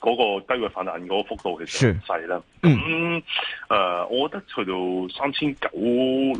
嗰、那個低位反彈嗰個幅度其實細啦，咁誒、嗯呃，我覺得去到三千九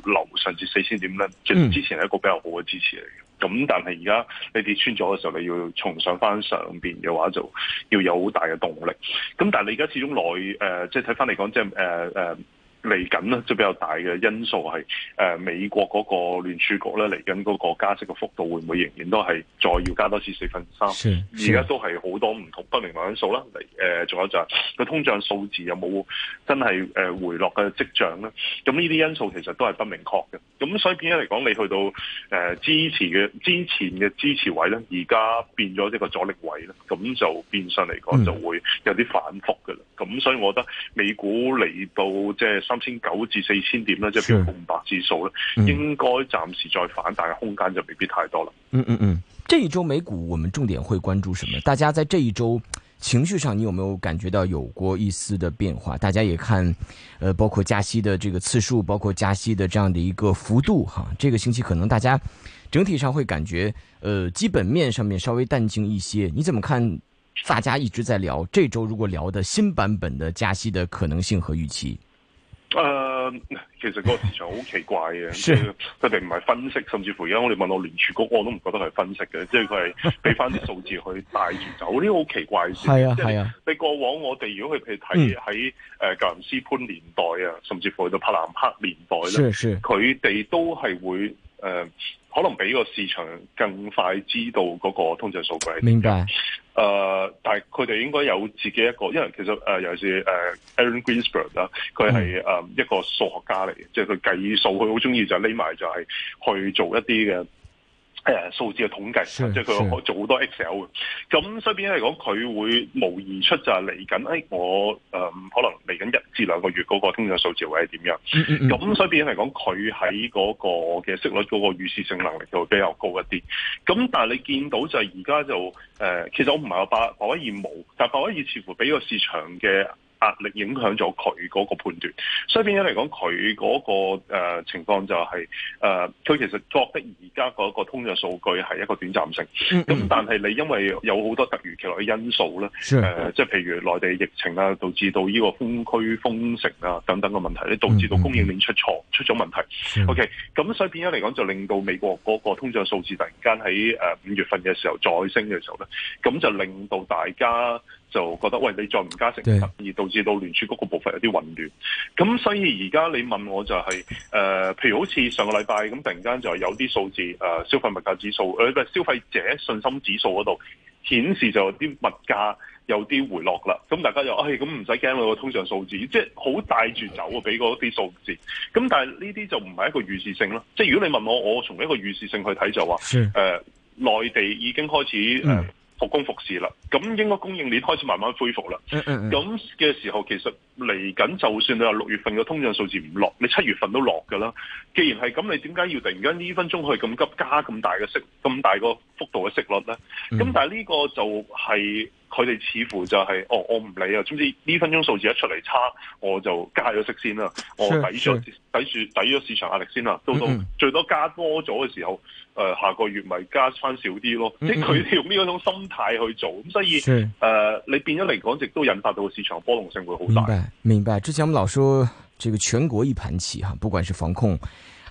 樓上至四千點咧，之前係一個比較好嘅支持嚟嘅。咁、嗯、但係而家你跌穿咗嘅時候，你要重上翻上邊嘅話，就要有好大嘅動力。咁但係你而家始終內誒、呃，即係睇翻嚟講，即係誒、呃呃嚟緊呢，即係比較大嘅因素係誒、呃、美國嗰個聯儲局咧，嚟緊嗰個加息嘅幅度會唔會仍然都係再要加多次四分三？而家都係好多唔同不明朗因素啦。誒、呃，仲有就係、是、個通脹數字有冇真係誒、呃、回落嘅跡象咧？咁呢啲因素其實都係不明確嘅。咁所以變咗嚟講，你去到誒、呃、支持嘅之前嘅支持位咧，而家變咗一個阻力位咧，咁就變相嚟講就會有啲反覆嘅啦。咁、嗯、所以我覺得美股嚟到即係三千九至四千點呢，即係標普五百指數咧、嗯，應該暫時再反彈，但空間就未必太多啦。嗯嗯嗯，這一周美股，我們重點會關注什麼？大家在這一周情緒上，你有沒有感覺到有過一絲的變化？大家也看，呃，包括加息的這個次數，包括加息的這樣的一個幅度，哈，這個星期可能大家整體上會感覺，呃，基本面上面稍微淡靜一些。你怎麼看？大家一直在聊，這周如果聊的新版本的加息的可能性和預期。誒、uh, 其實個市場好奇怪嘅，佢哋唔係分析，甚至乎而家我哋問我聯儲局，我都唔覺得係分析嘅，即係佢係俾翻啲數字去帶住走，呢啲好奇怪事。係 啊是你，係啊。你過往我哋如果去譬如睇喺誒格林斯潘年代啊，甚至乎去到柏南克年代咧，佢 哋都係會誒。呃可能畀個市場更快知道嗰個通脹數據。點解？誒、呃，但係佢哋應該有自己一個，因為其實有、呃、尤其是 Aaron Greenspan 啦，佢、呃、係、呃嗯、一個數學家嚟嘅，即係佢計數，佢好中意就係匿埋就係去做一啲嘅。誒、呃、數字嘅統計，是是即係佢會做好多 Excel 嘅。咁所以變咗嚟講，佢會模擬出就係嚟緊誒，我、呃、誒可能嚟緊一至兩個月嗰個通脹數字會係點樣？咁所以變咗嚟講，佢喺嗰個嘅息率嗰個預示性能力就會比較高一啲。咁但係你見到就係而家就誒、呃，其實我唔係話鮑鮑威爾冇，但係鮑威爾似乎俾個市場嘅。壓力影響咗佢嗰個判斷，所以變咗嚟講，佢嗰、嗰個、呃、情況就係、係、誒，佢、呃、其實覺得而家嗰個通脹數據係一個短暫性。咁、嗯、但係你因為有好多突如其來嘅因素咧，誒、嗯，即、呃、係譬如內地疫情啊，導致到呢個封區封城啊等等嘅問題，咧導致到供應鏈出錯、嗯、出咗問題。OK，咁所以變咗嚟講，就令到美國嗰個通脹數字突然間喺誒五月份嘅時候再升嘅時候咧，咁就令到大家，就覺得喂，你再唔加成，而導致到聯儲局個部分有啲混亂。咁所以而家你問我就係、是、誒、呃，譬如好似上個禮拜咁，突然間就有啲數字誒、呃、消費物價指數誒、呃、消費者信心指數嗰度顯示就啲物價有啲回落啦。咁大家就誒咁唔使驚啦，通常數字即係好帶住走啊，俾嗰啲數字。咁但係呢啲就唔係一個預示性咯。即係如果你問我，我從一個預示性去睇就話誒、呃，內地已經開始誒。嗯復工復市啦，咁應該供應鏈開始慢慢恢復啦。咁、嗯、嘅、嗯、時候，其實嚟緊就算你話六月份嘅通脹數字唔落，你七月份都落㗎啦。既然係咁，你點解要突然間呢分鐘去咁急加咁大嘅息、咁大個幅度嘅息率咧？咁、嗯、但係呢個就係、是。佢哋似乎就係、是，哦，我唔理啊，總之呢分鐘數字一出嚟差，我就加咗息先啦，我抵住抵住抵咗市場壓力先啦，到到、嗯嗯、最多加多咗嘅時候、呃，下個月咪加翻少啲咯，嗯嗯即係佢哋用呢一種心態去做，咁所以、呃、你變咗嚟講，亦都引發到個市場波動性會好大。明白，明白。之前我們老說，這個全國一盤棋哈，不管是防控。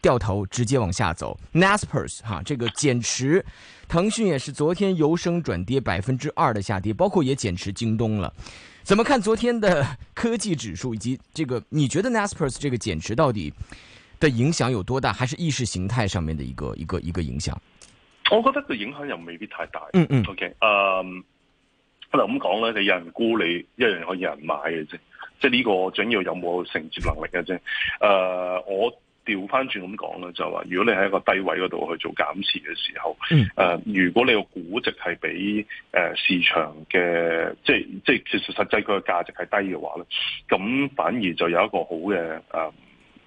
掉頭直接往下走 Naspers 哈，這個減持，騰訊也是昨天由升轉跌百分之二的下跌，包括也減持京東了。怎麼看昨天的科技指數以及這個？你覺得 Naspers 這個減持到底的影響有多大？還是意識形態上面的一個一個一個影響？我覺得個影響又未必太大。嗯嗯，OK，嗯、呃，不能咁講呢，你有人沽你，一樣可以有人買嘅啫，即係呢個主要有冇承接能力嘅啫、呃。我。調翻轉咁講咧，就話、係、如果你喺一個低位嗰度去做減持嘅時候，誒、嗯呃，如果你個估值係比誒、呃、市場嘅，即係即係其實實際佢嘅價值係低嘅話咧，咁反而就有一個好嘅誒，呃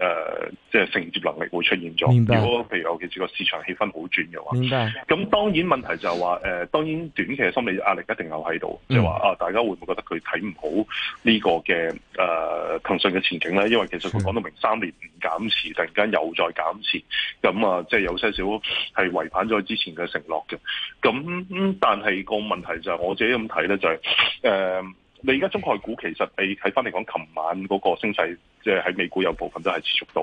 誒、呃，即、就、係、是、承接能力會出現咗。如果譬如尤其是個市場氣氛好轉嘅話，咁當然問題就係話誒，當然短期嘅心理壓力一定有喺度，即係話啊，大家會唔會覺得佢睇唔好呢個嘅誒、呃、騰訊嘅前景咧？因為其實佢講到明三年唔減持，突然間又再減持，咁啊，即、呃、係、就是、有些少係違反咗之前嘅承諾嘅。咁但係個問題就係、是、我自己咁睇咧，就係、是、誒、呃，你而家中概股其實你睇翻嚟講，琴晚嗰個升勢。即係喺美股有部分都係持續到，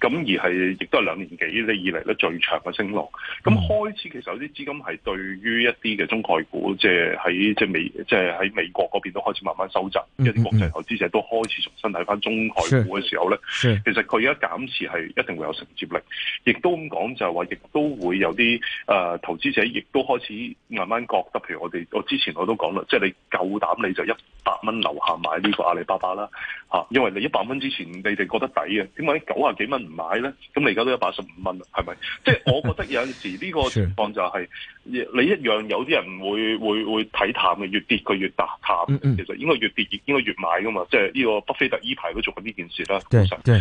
咁而係亦都係兩年幾以嚟咧最長嘅升浪，咁開始其實有啲資金係對於一啲嘅中概股，即係喺即係美即係喺美國嗰邊都開始慢慢收窄，一、嗯、啲、嗯嗯、國際投資者都開始重新睇返中概股嘅時候咧，其實佢而家減持係一定會有承接力，亦都咁講就係話，亦都會有啲誒、呃、投資者亦都開始慢慢覺得，譬如我哋我之前我都講啦，即、就、係、是、你夠膽你就一百蚊樓下買呢個阿里巴巴啦、啊、因為你一百蚊之前前你哋覺得抵嘅，點解九啊幾蚊唔買咧？咁你而家都有八十五蚊啦，係咪？即 係我覺得有陣時呢個情況就係、是，你一樣有啲人會會會睇淡嘅，越跌佢越大淡嗯嗯。其實應該越跌越應該越買噶嘛。即係呢個北非特依排都做緊呢件事啦。對，其實，對，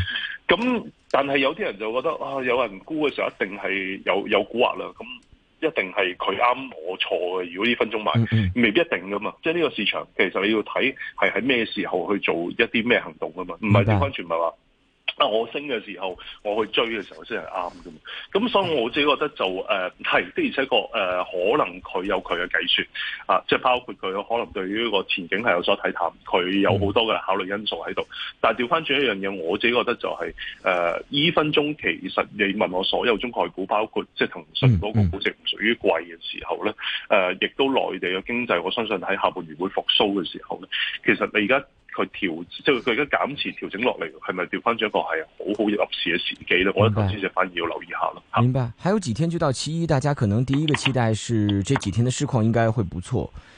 咁但係有啲人就覺得啊，有人沽嘅時候一定係有有蠱惑啦。咁。一定係佢啱我錯嘅，如果呢分鐘買，未必一定噶嘛。即係呢個市場其實你要睇係喺咩時候去做一啲咩行動噶嘛，唔係點講？正關全唔係話。啊！我升嘅時候，我去追嘅時候先係啱嘅。咁所以我自己覺得就誒係、呃，的而且確誒、呃、可能佢有佢嘅計算啊，即、就、係、是、包括佢可能對於個前景係有所睇淡，佢有好多嘅考慮因素喺度、嗯。但係調翻轉一樣嘢，我自己覺得就係誒呢分鐘其實你問我所有中概股，包括即係騰訊嗰個股值唔屬於貴嘅時候咧，誒、嗯、亦、嗯啊、都內地嘅經濟，我相信喺下半年會復甦嘅時候咧，其實你而家。佢調即係佢而家減持調整落嚟，係咪調翻轉一個係好好入市嘅時機咧？我覺得投資就反而要留意下咯。明白，還有幾天就到七一，大家可能第一個期待是，這幾天嘅市況應該會不錯。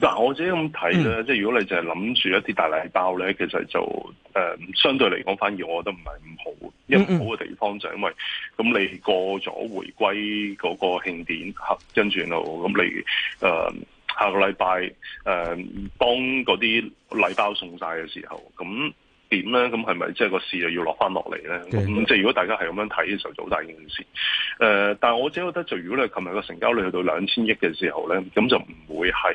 嗱，我自己咁睇咧，即係如果你就係諗住一啲大禮包咧，其實就誒、呃、相對嚟講反而我覺得唔係咁好。一個唔好嘅地方就係因為咁你過咗回歸嗰個慶典，跟住然後咁你誒、呃、下個禮拜誒幫嗰啲禮包送晒嘅時候咁。點咧？咁係咪即係個市又要落翻落嚟咧？咁即係如果大家係咁樣睇嘅時候，就好大件事。誒、呃，但係我只覺得就如果你，琴日個成交率去到兩千億嘅時候咧，咁就唔會係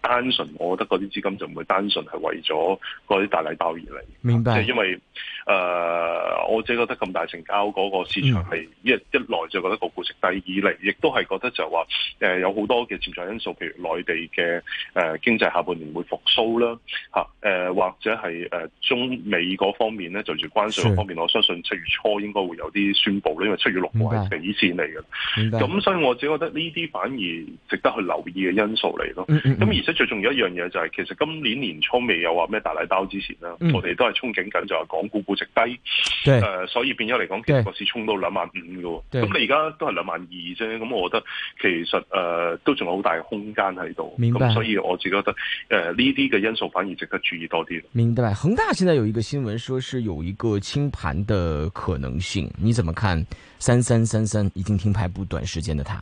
單純，我覺得嗰啲資金就唔會單純係為咗嗰啲大禮包而嚟。明白。即、就、係、是、因為。誒、呃，我自己覺得咁大成交嗰個市場係一、嗯、一來就覺得個估值低以，二嚟亦都係覺得就話、呃、有好多嘅潛在因素，譬如內地嘅誒、呃、經濟下半年會復甦啦，嚇、啊呃、或者係誒、呃、中美嗰方面咧，就住關稅嗰方面，我相信七月初應該會有啲宣佈啦，因為七月六號係死線嚟嘅，咁、嗯、所以我自己覺得呢啲反而值得去留意嘅因素嚟咯。咁、嗯嗯、而且最重要一樣嘢就係、是、其實今年年初未有話咩大禮包之前啦、嗯，我哋都係憧憬緊就係港股股。食低、呃，所以變咗嚟講，期貨市衝到兩萬五嘅，咁你2 2而家都係兩萬二啫，咁我覺得其實誒、呃，都仲有好大嘅空間喺度。明白、嗯，所以我自己覺得，誒、呃，呢啲嘅因素反而值得注意多啲。明白，恒大現在有一個新聞，說是有一個清盤的可能性，你怎麼看？三三三三已經停牌不短時間的他，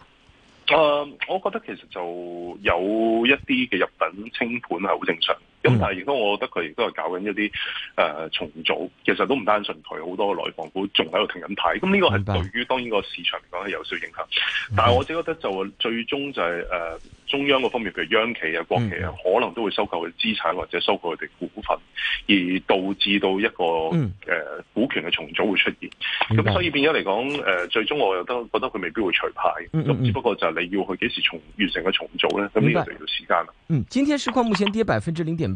它、呃，我覺得其實就有一啲嘅入禀清盤係好正常。咁、嗯、但係，如果我覺得佢亦都係搞緊一啲誒、呃、重組，其實都唔單純佢好多內房股仲喺度停緊牌，咁呢個係對於當然個市場嚟講係有少影響。但係我只覺得就最終就係、是、誒、呃、中央嗰方面，譬如央企啊、國企啊、嗯，可能都會收購佢資產或者收購佢哋股份，而導致到一個誒、嗯呃、股權嘅重組會出現。咁所以變咗嚟講，最終我又都覺得佢未必會除牌。咁、嗯、只、嗯嗯、不，不過就係你要去幾時完完成個重組咧，咁呢個就要時間啦。嗯，今天市況目前跌百分之零點。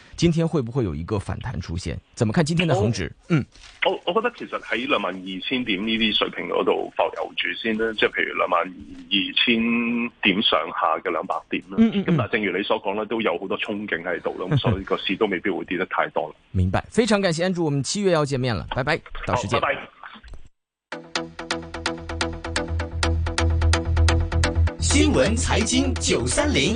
今天會不會有一個反彈出現？怎麼看今天的恒指？Oh, 嗯，我我覺得其實喺兩萬二千點呢啲水平嗰度浮游住先啦，即係譬如兩萬二千點上下嘅兩百點啦。咁、嗯嗯嗯、但正如你所講啦，都有好多憧憬喺度咯，咁所以個市都未必會跌得太多了。 明白，非常感謝 Andrew，我們七月要見面了，拜拜，到時見。拜拜。新聞財經九三零。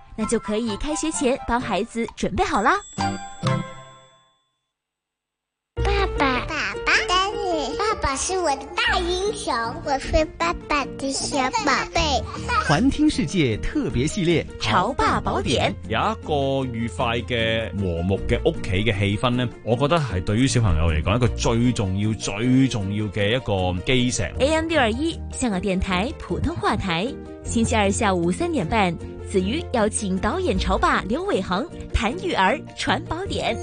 那就可以開學前幫孩子準備好了。爸爸，爸爸，爸爸是我的大英雄，我是爸爸的小寶貝。環聽世界特別系列《潮爸寶典》，有一個愉快嘅、和睦嘅屋企嘅氣氛呢，我覺得係對於小朋友嚟講一個最重要、最重要嘅一個基石。AM 六二一香港電台普通話台。星期二下午三點半，子矜邀請導演潮爸劉偉恒談育兒傳寶典。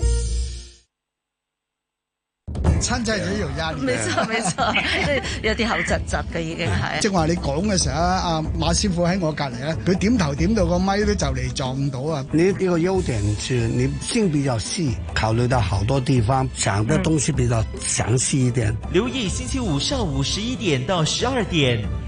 親戚仔要壓力，沒錯沒錯，即 係有啲口窒窒嘅已經係。即係話你講嘅時候咧，阿、啊、馬師傅喺我隔籬咧，佢點頭點到個咪都就嚟撞到啊！你呢個優點是，你先比較細，考慮到好多地方，想的東西比較詳細一點。嗯、留意星期五上午十一點到十二點。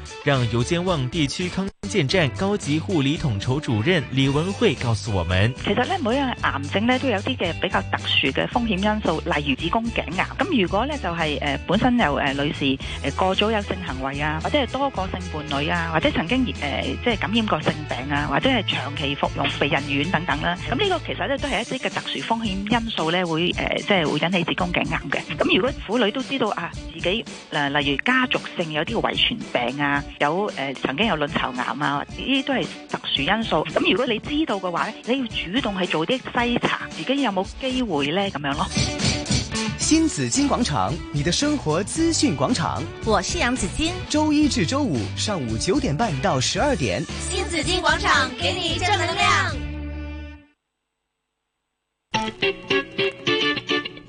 讓油尖旺地區康健站高級護理統籌主任李文慧告訴我們：其實咧每一樣的癌症咧都有啲嘅比較特殊嘅風險因素，例如子宮頸癌。咁如果咧就係、是、誒、呃、本身有誒、呃、女士誒過早有性行為啊，或者係多個性伴侶啊，或者曾經誒、呃、即係感染過性病啊，或者係長期服用避孕丸等等啦、啊。咁呢個其實咧都係一啲嘅特殊風險因素咧會誒、呃、即係會引起子宮頸癌嘅。咁如果婦女都知道啊自己誒、呃、例如家族性有啲遺傳病啊。有誒、呃，曾經有卵巢癌啊，呢啲都係特殊因素。咁如果你知道嘅話咧，你要主動去做啲篩查，自己有冇機會咧咁樣咯。新紫荊廣場，你的生活資訊廣場，我係楊子矜，周一至周五上午九點半到十二點，新紫荊廣場給你正能量。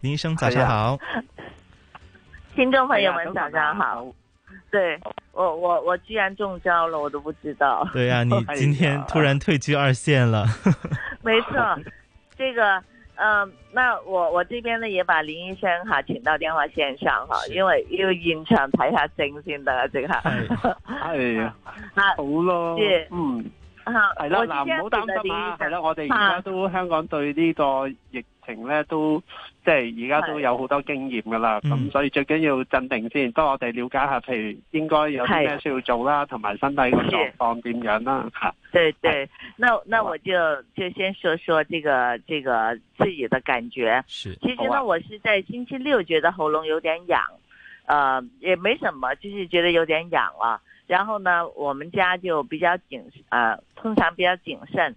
林醫生早、哎，早上好！聽眾朋友們，早上好！哎啊、對我，我我居然中招了，我都不知道。對呀、啊，你今天突然退居二線了。哎、 沒錯，這個，嗯、呃，那我我這邊呢也把林醫生哈請到電話線上哈，因為要現場睇下症先的啊，這個。係、哎、啊、 哎，好咯，啊、嗯，係啦，嗱，唔好擔心啊，係啦，我哋而家都香港對呢個疫情咧都。即係而家都有好多經驗噶啦，咁所以最緊要鎮定先。幫、嗯、我哋了解下，譬如應該有啲咩需要做啦，同埋身體個狀況點樣啦。對對，對，那那我就就先說說這個這個自己的感覺。是，其實呢、啊，我是在星期六覺得喉嚨有點癢，呃，也沒什麼，就是覺得有點癢了，然後呢，我們家就比較謹，呃，通常比較謹慎。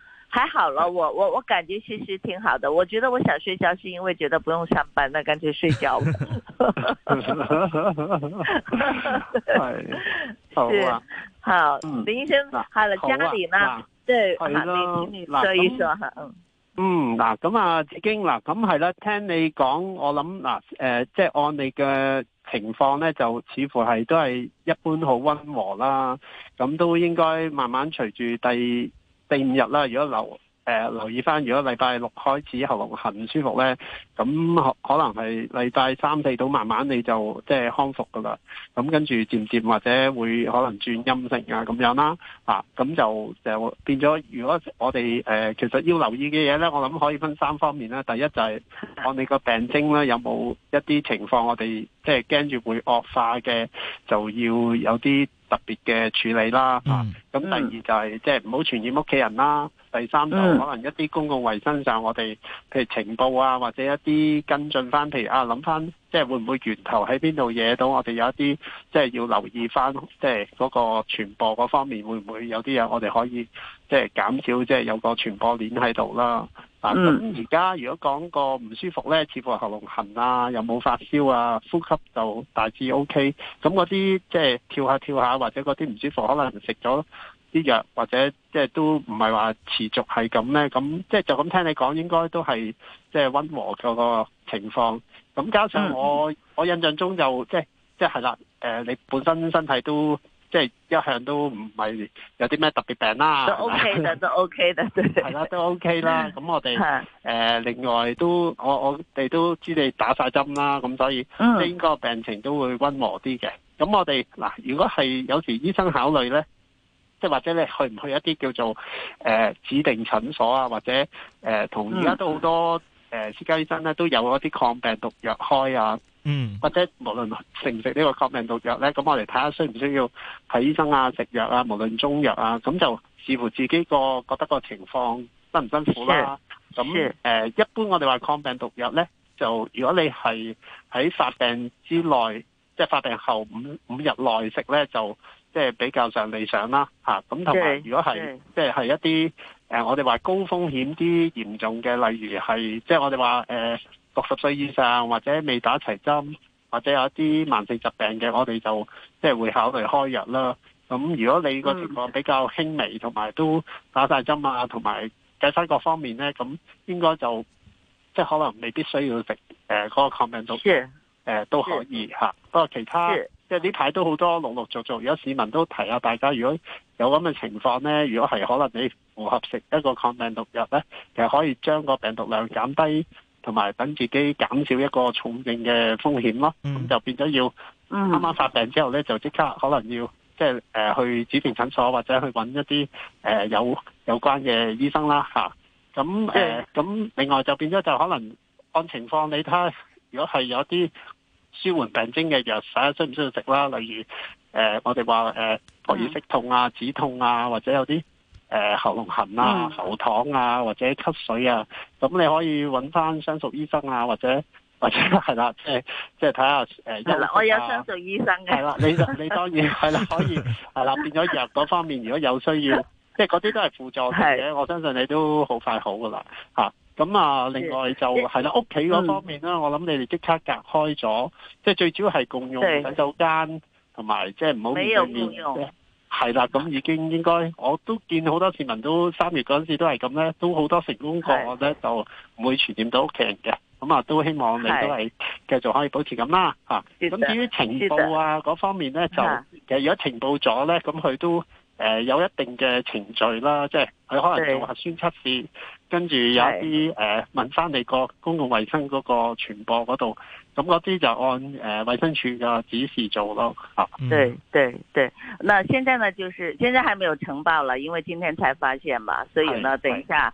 還好了，我我我感覺其實挺好的。我覺得我想睡覺，是因為覺得不用上班，那乾脆睡覺。係， 好啊，好、嗯，林醫生，啦好了啦家裏呢，即係阿李經理說一說，好。嗯，嗱，咁啊，子矜嗱，咁係啦，聽你講，我諗嗱，誒、呃，即、呃、係、就是、按你嘅情況咧，就似乎係都係一般好溫和啦，咁都應該慢慢隨住第。四五日啦，如果留誒、呃，留意翻，如果禮拜六開始喉嚨痕唔舒服咧，咁可能係禮拜三四到慢慢你就即係康復噶啦。咁跟住漸漸或者會可能轉陰性啊，咁樣啦，啊，咁就就變咗。如果我哋誒、呃，其實要留意嘅嘢咧，我諗可以分三方面啦。第一就係我哋個病徵咧，有冇一啲情況我，我哋即係驚住會惡化嘅，就要有啲特別嘅處理啦。咁、嗯啊、第二就係、是嗯、即係唔好傳染屋企人啦。第三就可能一啲公共衛生上我，我哋譬如情報啊，或者一啲跟進翻，譬如啊諗翻，即係會唔會源頭喺邊度惹到我哋有一啲，即係要留意翻，即係嗰個傳播嗰方面會唔會有啲嘢我哋可以即係減少，即係有個傳播鏈喺度啦。咁而家如果講個唔舒服咧，似乎喉嚨痕啊，又冇發燒啊，呼吸就大致 OK。咁嗰啲即係跳下跳下，或者嗰啲唔舒服，可能食咗。啲藥或者即係都唔係話持續係咁咧，咁即係就咁聽你講，應該都係即係温和嗰個情況。咁加上我、嗯、我印象中就即係即係係啦，誒、呃、你本身身體都即係一向都唔係有啲咩特別病啦，都 OK 嘅都 OK 的，係 啦，都 OK 啦。咁 我哋誒、呃、另外都我我哋都知你打晒針啦，咁所以應該個、嗯、病情都會温和啲嘅。咁我哋嗱，如果係有時醫生考慮咧。即係或者你去唔去一啲叫做誒、呃、指定診所啊，或者誒同而家都好多誒私家醫生咧，都有嗰啲抗病毒藥開啊。嗯，或者無論食唔食呢個抗病毒藥咧，咁我哋睇下需唔需要睇醫生啊、食藥啊，無論中藥啊，咁就視乎自己個覺得個情況辛唔辛苦啦、啊。咁、嗯、誒、嗯呃，一般我哋話抗病毒藥咧，就如果你係喺發病之內，即、就、係、是、發病後五五日內食咧，就。即、就、係、是、比較上理想啦，嚇，咁同埋如果係即係係一啲誒，我哋話高風險啲嚴重嘅，例如係即係我哋話誒六十歲以上或者未打齊針或者有一啲慢性疾病嘅，我哋就即係、就是、會考慮開藥啦。咁如果你個情況比較輕微，同、嗯、埋都打晒針啊，同埋計返各方面咧，咁應該就即係、就是、可能未必需要食誒嗰個抗病毒，誒都可以嚇、呃啊。不過其他。即係呢排都好多陸陸續續，而家市民都提啊，大家如果有咁嘅情況咧，如果係可能你符合食一個抗病毒藥咧，其實可以將個病毒量減低，同埋等自己減少一個重症嘅風險咯。咁、mm. 就變咗要啱啱發病之後咧，就即刻可能要即係誒去指定診所或者去揾一啲誒、呃、有有關嘅醫生啦嚇。咁、啊、誒，咁、呃、另外就變咗就可能按情況，你睇下如果係有啲。舒緩病徵嘅藥，使下唔需要食啦。例如，誒、呃，我哋話誒，可以息痛啊、止痛啊，或者有啲誒、呃、喉嚨痕啊、喉糖啊，或者咳水啊。咁、嗯、你可以揾翻相熟醫生啊，或者或者係啦，即係即係睇下誒、呃啊。我有相熟醫生嘅。係啦，你你當然係啦，可以係啦。變咗藥嗰方面，如果有需要，即係嗰啲都係輔助性嘅。我相信你都好快好噶啦，吓、啊。咁啊，另外就係啦，屋企嗰方面咧，我諗你哋即刻隔開咗，即係最主要係共用洗手間同埋即係唔好面對面。係啦，咁已經應該我都見好多市民都三月嗰陣時都係咁咧，都好多成功過咧，就唔會傳染到屋企人嘅。咁啊，都希望你都係繼續可以保持咁啦嚇。咁至於呈報啊嗰方面咧，就其實如果呈報咗咧，咁佢都誒有一定嘅程序啦，即係佢可能要核酸測試。跟住有啲誒、呃、問翻你個公共衛生嗰個傳播嗰度，咁嗰啲就按誒衛、呃、生署嘅指示做咯。吓、嗯，對對對，那現在呢，就是現在還沒有呈報啦，因為今天才發現嘛，所以呢，等一下。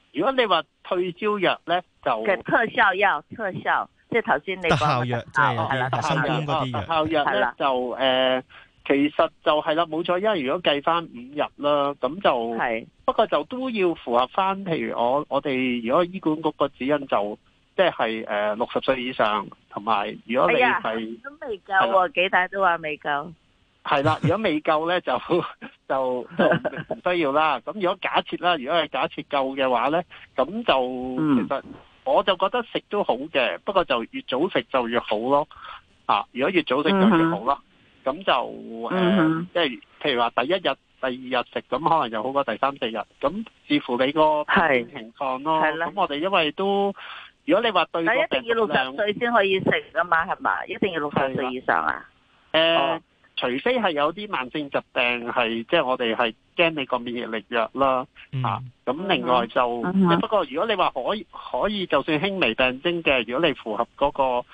如果你話退燒藥咧，就特效藥，特效即係頭先你講嘅特效即係特效藥嗰啲藥。特效藥咧就誒、呃，其實就係、是、啦，冇錯。因為如果計翻五日啦，咁就不過就都要符合翻。譬如我我哋如果醫管局個指引就即係誒六十歲以上，同埋如果你係都、哎、未夠，幾大都話未夠。係 啦，如果未夠咧，就就唔需要啦。咁如果假設啦，如果係假設夠嘅話咧，咁就其實我就覺得食都好嘅，不過就越早食就越好咯。啊，如果越早食就越好咯。咁、mm -hmm. 就即係、呃 mm -hmm. 譬如話第一日、第二日食，咁可能就好過第三四日。咁視乎你個情況咯。係啦。咁我哋因為都，如果你話對，係一定要六十歲先可以食噶嘛？係咪？一定要六十歲以上啊？誒。呃哦。除非係有啲慢性疾病係，即係、就是、我哋係驚你個免疫力弱啦，咁、嗯啊嗯、另外就、嗯，不過如果你話可以可以就算輕微病徵嘅，如果你符合嗰、嗰個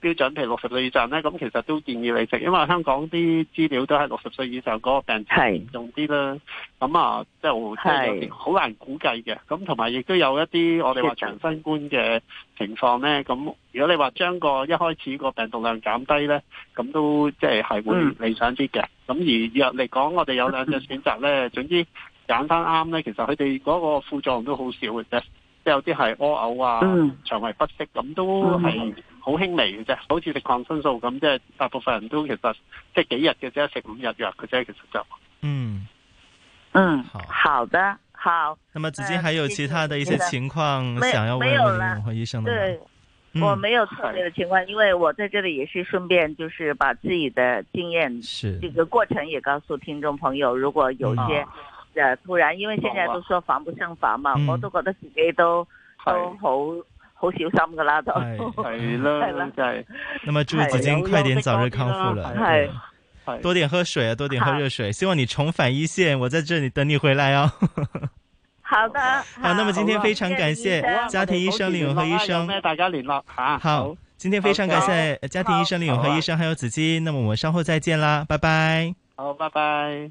標準，譬如六十歲以上咧，咁其實都建議你食，因為香港啲資料都係六十歲以上嗰個病嚴重啲啦。咁啊，即係好難估計嘅。咁同埋亦都有一啲我哋話長新冠嘅情況咧。咁如果你話將個一開始個病毒量減低咧，咁都即係係會理想啲嘅。咁、嗯、而若嚟講，我哋有兩隻選擇咧、嗯，總之揀翻啱咧，其實佢哋嗰個副作用都好少嘅啫，即、就是、有啲係屙嘔啊、嗯、腸胃不適，咁都係。好輕微嘅啫，好似食抗生素咁，即係大部分人都其實即係幾日嘅啫，食五日藥嘅啫，其實就嗯好嗯好好的好、嗯好，的好的。那麼子矜還有其他的一些情況想要問一問醫生，對、嗯，我沒有特別的情況，因為我在這裏也是順便，就是把自己的經驗是這個過程也告訴聽眾朋友。如果有一些嘅、啊、突然，因為現在都說防不勝防嘛，我都覺得自己都都好。嗯好小心噶、哎、啦，都係啦，係啦，就係、是。那麼祝子矜快點早日康復啦，係，多點喝水啊，多點喝熱水。水啊、熱水希望你重返一線，我在這裏等你回來哦。 好的好，好。那麼今天非常感謝家庭醫生林永和醫生，家醫生家醫生大家聯絡吓、啊。好，今天非常感謝家庭醫生林永和醫生，還有子矜。那麼我們稍後再見啦，拜拜。好，拜拜。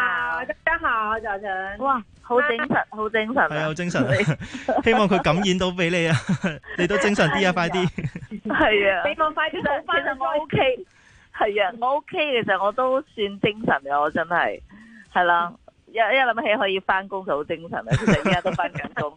我就想哇，好精神，好、啊、精神，係好精神、啊。精神啊、 希望佢感染到俾你啊， 你都精神啲啊， 快啲。係啊，俾我、啊、快啲，其實我 OK。係啊，我 OK。其實我都算精神嘅、啊，我真係係啦。一一諗起可以翻工就好精神嘅、啊，其實依 家都翻緊工。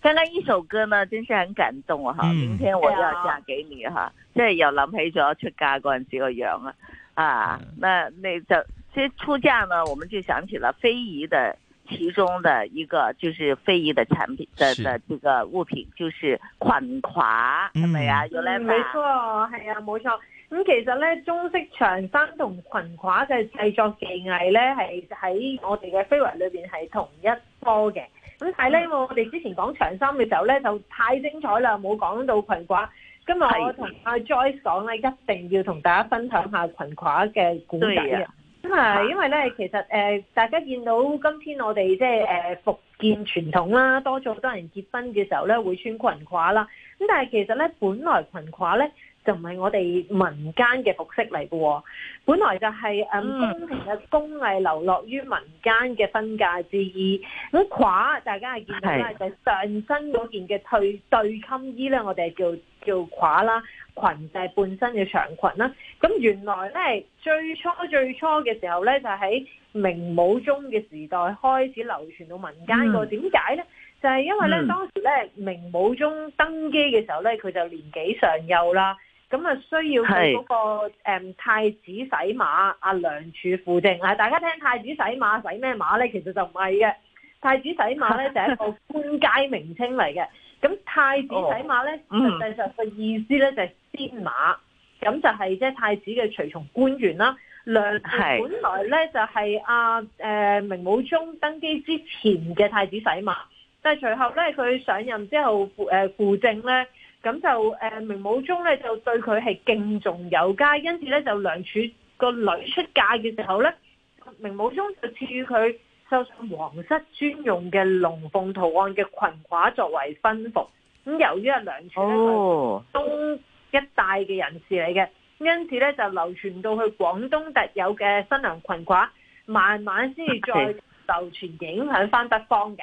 聽，呢首歌呢，真是很感動啊！哈、嗯，今天我有嫁給年哈、啊啊，即係又諗起咗出嫁嗰陣時個樣啊。啊，咩 你就？其實出嫁呢，我們就想起了非遺的其中的一個，就是非遺的產品的的這個物品，就是裙褂係咪啊？有、嗯、呢？冇錯，係啊，冇錯。咁、嗯、其實咧，中式長衫同裙褂嘅製作技藝咧，係喺我哋嘅非遺裏邊係同一科嘅。咁但係咧、嗯，我哋之前講長衫嘅時候咧，就太精彩啦，冇講到裙褂。今日我同阿 Joyce 講咧，一定要同大家分享一下裙褂嘅故事。咁因為咧，其實誒、呃，大家見到今天我哋即係誒復建傳統啦，多咗好多人結婚嘅時候咧，會穿裙褂啦。咁但係其實咧，本來裙褂咧就唔係我哋民間嘅服飾嚟嘅、哦，本來就係誒宮廷嘅工藝流落於民間嘅婚嫁之衣。咁褂大家係見到咧，就係、上身嗰件嘅退對襟衣咧，我哋叫叫褂啦。裙就係、是、半身嘅長裙啦，咁原來咧最初最初嘅時候咧就喺、是、明武宗嘅時代開始流傳到民間個，點解咧？就係、是、因為咧、嗯、當時咧明武宗登基嘅時候咧佢就年紀尚幼啦，咁啊需要嗰、那個誒、嗯、太子洗馬阿梁柱輔正。啊，大家聽太子洗馬洗咩馬咧？其實就唔係嘅，太子洗馬咧就係、一個官階名稱嚟嘅。 咁太子洗馬咧，oh. mm -hmm. 實際上嘅意思咧就係先馬，咁就係即係太子嘅隨從官員啦。梁柱本來咧就係阿誒明武宗登基之前嘅太子洗馬，但係隨後咧佢上任之後誒輔政咧，咁就誒明武宗咧就對佢係敬重有加，因此咧就梁柱個女出嫁嘅時候咧，明武宗就賜予佢。繡上皇室專用嘅龍鳳圖案嘅裙褂作為婚服，咁由於係兩處咧東一帶嘅人士嚟嘅，oh. 因此咧就流傳到去廣東特有嘅新娘裙褂，慢慢先至再流傳影響翻北方嘅。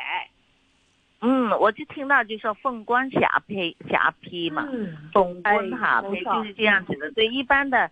嗯，我就聽到就說鳳冠霞帔，霞帔嘛，鳳冠霞帔就是這樣子嘅，嗯。對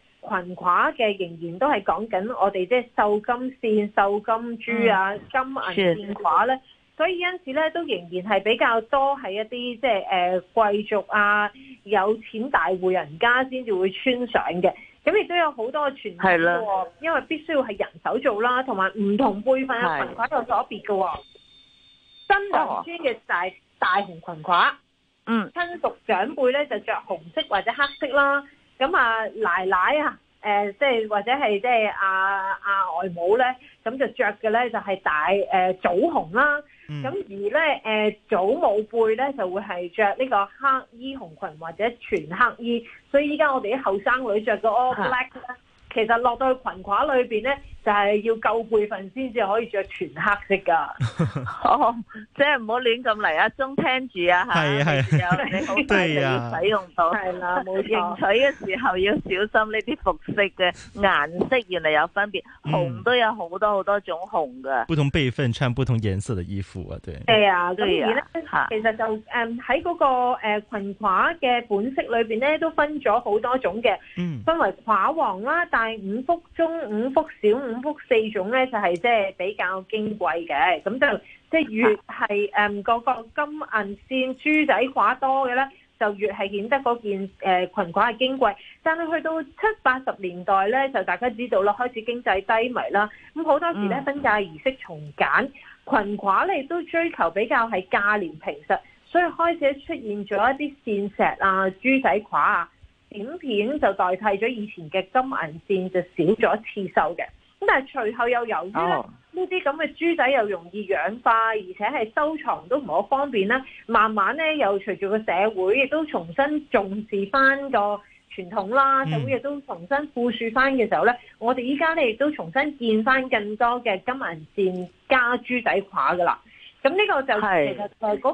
裙褂嘅仍然都係講緊我哋即係繡金線、繡金珠啊、嗯、金銀線褂咧，所以因此咧都仍然係比較多喺一啲即係誒貴族啊、有錢大戶人家先至會穿上嘅，咁亦都有好多傳統嘅、哦，因為必須要係人手做啦，同埋唔同輩份嘅裙褂有咗別嘅，新郎穿嘅就係大紅裙褂，嗯，親屬長輩咧就着紅色或者黑色啦。咁啊奶奶啊，誒即係或者係即係阿阿外母咧，咁就着嘅咧就係大誒棗、呃、紅啦。咁、嗯、而咧誒、呃、祖母輩咧就會係着呢個黑衣紅裙或者全黑衣。所以依家我哋啲後生女着個 all black 咧、啊，其實落到去裙褂裏邊咧。就係、是、要夠輩份先至可以着全黑色噶、 哦，即係唔好亂咁嚟啊！中聽住啊吓，係啊，你好，對啊，使用到係啦，冇 對、啊 啊、錯。認 取嘅時候要小心呢啲服飾嘅顏色，原嚟有分別，嗯、紅都有好多好多種紅噶。嗯、 不同輩份穿不同顏色嘅衣服啊，對。係啊，咁而咧， 其實就誒喺嗰個誒裙褂嘅款式裏邊咧，都分咗好多種嘅、嗯，分為褂皇啦、大五福中、中五福、小。五福四種咧，就係即係比較矜貴嘅，咁就即係、就係、越係誒、嗯、個金銀線珠仔褂多嘅咧，就越係顯得嗰件誒裙褂係矜貴。但係去到七八十年代咧，就大家知道啦，開始經濟低迷啦，咁好多時咧，婚嫁儀式從簡，裙褂咧亦都追求比較係價廉平實，所以開始出現咗一啲線石啊、珠仔褂啊、閃片，就代替咗以前嘅金銀線，就少咗刺繡嘅。但係隨後又由於呢啲咁嘅豬仔又容易氧化，而且係收藏都唔係好方便咧。慢慢咧又隨住個社會亦都重新重視翻個傳統啦，社會亦都重新富庶翻嘅時候咧，嗯、我哋依家咧亦都重新見翻更多嘅金銀線加豬仔褂噶啦。咁呢個就其實係個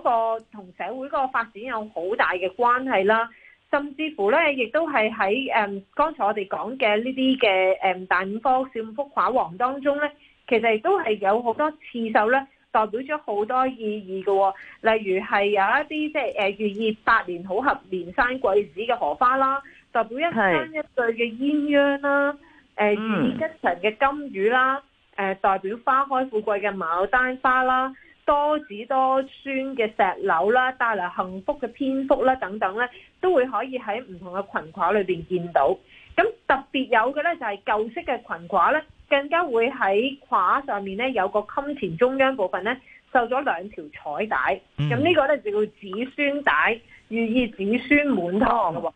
同社會嗰個發展有好大嘅關係啦。甚至乎咧，亦都係喺誒，剛才我哋講嘅呢啲嘅誒大五福、小五福褂皇當中咧，其實亦都係有好多刺繡咧，代表咗好多意義嘅、哦。例如係有一啲即係誒寓意百年好合、連生貴子嘅荷花啦，代表一生一對嘅鴛鴦啦，誒寓意吉祥嘅金魚啦，誒、呃、代表花開富貴嘅牡丹花啦。多子多孫嘅石榴啦，帶嚟幸福嘅蝙蝠啦等等咧，都會可以喺唔同嘅裙褂裏面見到。咁特別有嘅咧就係舊式嘅裙褂，咧，更加會喺褂上面咧有個襟前中央部分咧，繡咗兩條彩帶，咁、嗯、呢、這個咧就叫子孫帶，寓意子孫滿堂。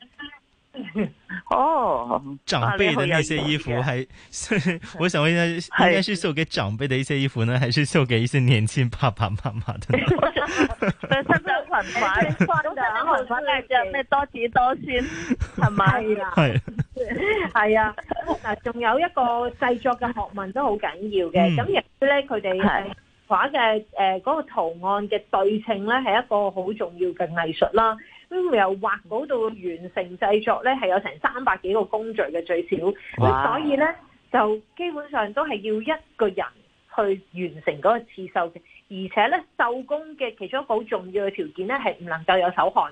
哦，長輩的那些衣服還，還、啊、 我想問一下，應該是送給長輩的一些衣服呢，還是送給一些年輕爸爸媽媽的？對新娘裙款、花裙款，嗱，就咩多子多孫，係咪？係係啊，嗱，仲有一個製作嘅學問都好緊要嘅。咁亦都咧，佢哋係畫嘅誒嗰個圖案嘅對稱咧，係一個好重要嘅藝術啦。咁由畫稿到完成製作咧，係有成三百幾個工序嘅最少。咁、wow。所以咧，就基本上都係要一個人去完成嗰個刺繡嘅，而且咧，繡工嘅其中一個好重要嘅條件咧，係唔能夠有手汗。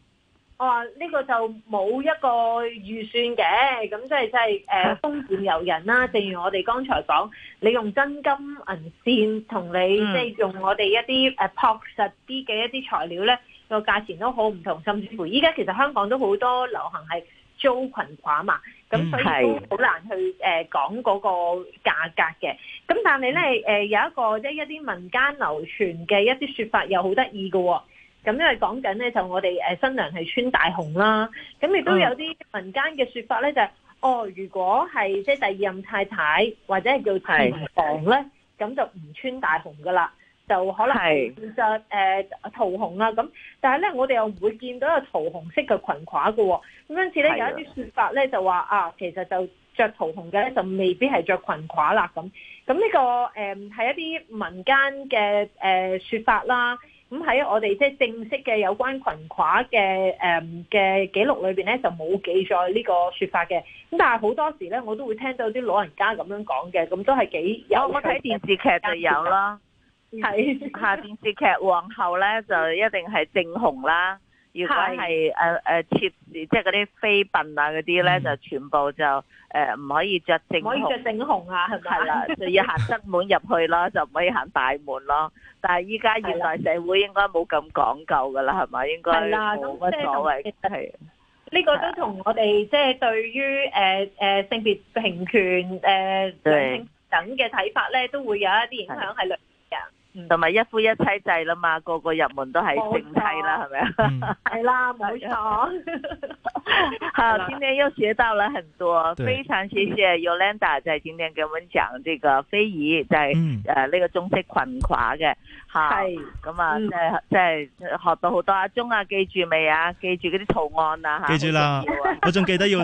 我話呢個就冇一個預算嘅，咁即係即係誒風卷遊人啦、啊。正如我哋剛才講，你用真金銀線同你、嗯、即係用我哋一啲誒樸實啲嘅一啲材料咧，個價錢都好唔同。甚至乎依家其實香港都好多流行係租群掛嘛，咁所以都好難去誒講嗰個價格嘅。咁但係咧誒有一個即係一啲民間流傳嘅一啲説法又好得意嘅喎。咁因為講緊咧，就我哋誒新娘係穿大紅啦。咁亦都有啲民間嘅說法咧、就是，就係哦，如果係即係第二任太太，或者係叫二房咧，咁就唔穿大紅噶啦，就可能着誒桃紅啦。咁但係咧，我哋又唔會見到有桃紅色嘅裙褂噶。咁因此咧，有啲說法咧就話啊，其實就着桃紅嘅咧，就未必係着裙褂啦。咁咁呢個誒係、嗯、一啲民間嘅誒說法啦。咁、嗯、喺我哋即係正式嘅有關裙褂嘅誒嘅記錄裏邊咧，就冇記載呢個說法嘅。咁但係好多時咧，我都會聽到啲老人家咁樣講嘅，咁都係幾有。我睇電視劇就有啦，睇嚇 電視劇皇后咧就一定係正紅啦。如果係誒誒設即係嗰啲妃嬪啊嗰啲咧，就全部就誒唔、呃、可以着正紅，唔可以著正紅啊，係啦，是 就要行側門入去咯，就唔可以行大門咯。但係依家現代社會應該冇咁講究㗎啦，係咪應該冇乜所謂？係呢、就係呢個都同我哋即係對於誒誒、呃呃、性別平權誒等嘅睇法咧，都會有一啲影響係類。同、嗯、埋一夫一妻制啦嘛，個個入門都係正妻啦，係咪啊？係啦，冇、嗯、錯。 好，今天又學到了很多，非常謝謝 Yolanda，就係今天跟我們講這個非遺，就係誒呢個中式裙褂嘅。係。咁啊，即係即係學到好多。阿中啊，記住未啊？記住嗰啲圖案啊吓。記住啦，我仲記得要、 啊。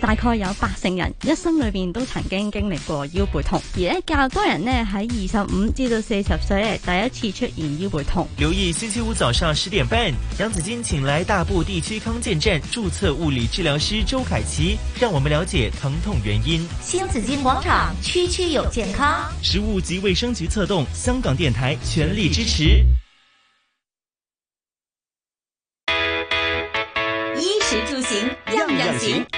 大概有八成人一生裏面都曾經經歷過腰背痛，而呢較多人呢喺二十五至到四十歲第一次出現腰背痛。留意星期五早上十點半，楊子矜請來大埔地區康健站註冊物理治療師周凱琪，讓我們了解疼痛原因。新紫荊廣場區區有健康，食物及衛生局策動，香港電台全力支持。衣食住行樣樣行。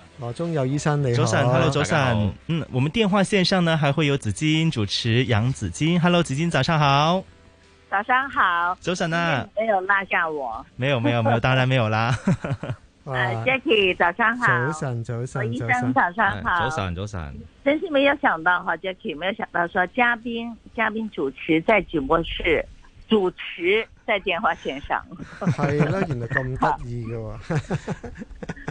哦，中佑醫生，你好。早晨，hello，早晨，嗯，我們電話線上呢，還會有子矜主持，楊子矜，hello，子矜，早上好。早上好。早晨啊。沒有拉下我。沒有，沒有，沒有，當 然沒有啦。 Jacky 早上好。早晨，早晨，早晨。醫生，早上好，哎。早晨，早晨。真是沒有想到哈，啊、Jacky 沒有想到說嘉賓、嘉賓主持在直播室，主持在電話線上。係 啦， 原來咁得意嘅。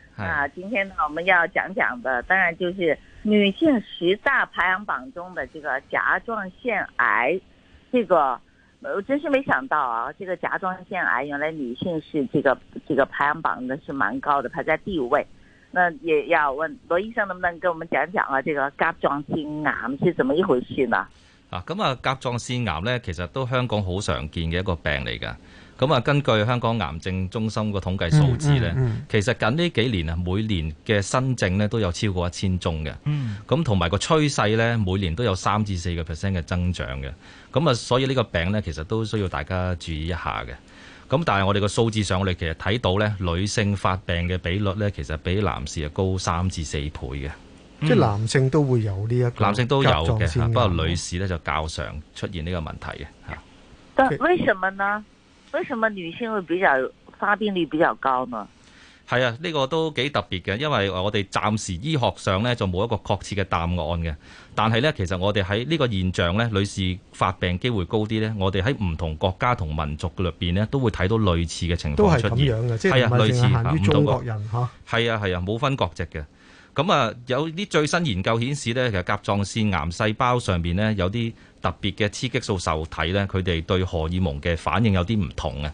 啊，今天呢，我們要講講的，當然就是女性十大排行榜中的這個甲狀腺癌。這個我真是沒想到啊，這個甲狀腺癌原來女性是這個這個排行榜的是蠻高的，排在第五位。那也要問羅醫生能不能給我們講講啊，這個甲狀腺癌是怎麼一回事呢？啊，咁啊，甲狀腺癌呢，其實都香港好常見嘅一個病嚟㗎。咁啊，根據香港癌症中心個統計數字咧、嗯嗯嗯，其實近呢幾年啊，每年嘅新症咧都有超過一千宗嘅。咁同埋個趨勢咧，每年都有三至四個 percent 嘅增長嘅。咁啊，所以呢個病咧，其實都需要大家注意一下嘅。咁但係我哋個數字上，我哋其實睇到咧，女性發病嘅比率咧，其實比男士係高三至四倍嘅、嗯。即係男性都會有呢一個甲狀腺癌，不過女士咧就較常出現呢個問題嘅嚇。但係為什麼呢？嗯為什麼女性會比較發病率比較高呢？係啊，呢個都幾特別嘅，因為我哋暫時醫學上咧就冇一個確切嘅答案嘅。但係咧，其實我哋喺呢個現象咧，女士發病機會高啲咧，我哋喺唔同國家同民族嘅裏邊咧，都會睇到類似嘅情況出現。都係咁樣嘅，即係唔係淨係限於中國人吓？係啊係啊，冇、啊啊、分國籍嘅。咁啊，有啲最新研究顯示咧，其實甲狀腺癌細胞上邊咧有啲。特別嘅雌激素受體呢，佢哋對荷爾蒙嘅反應有啲唔同嘅。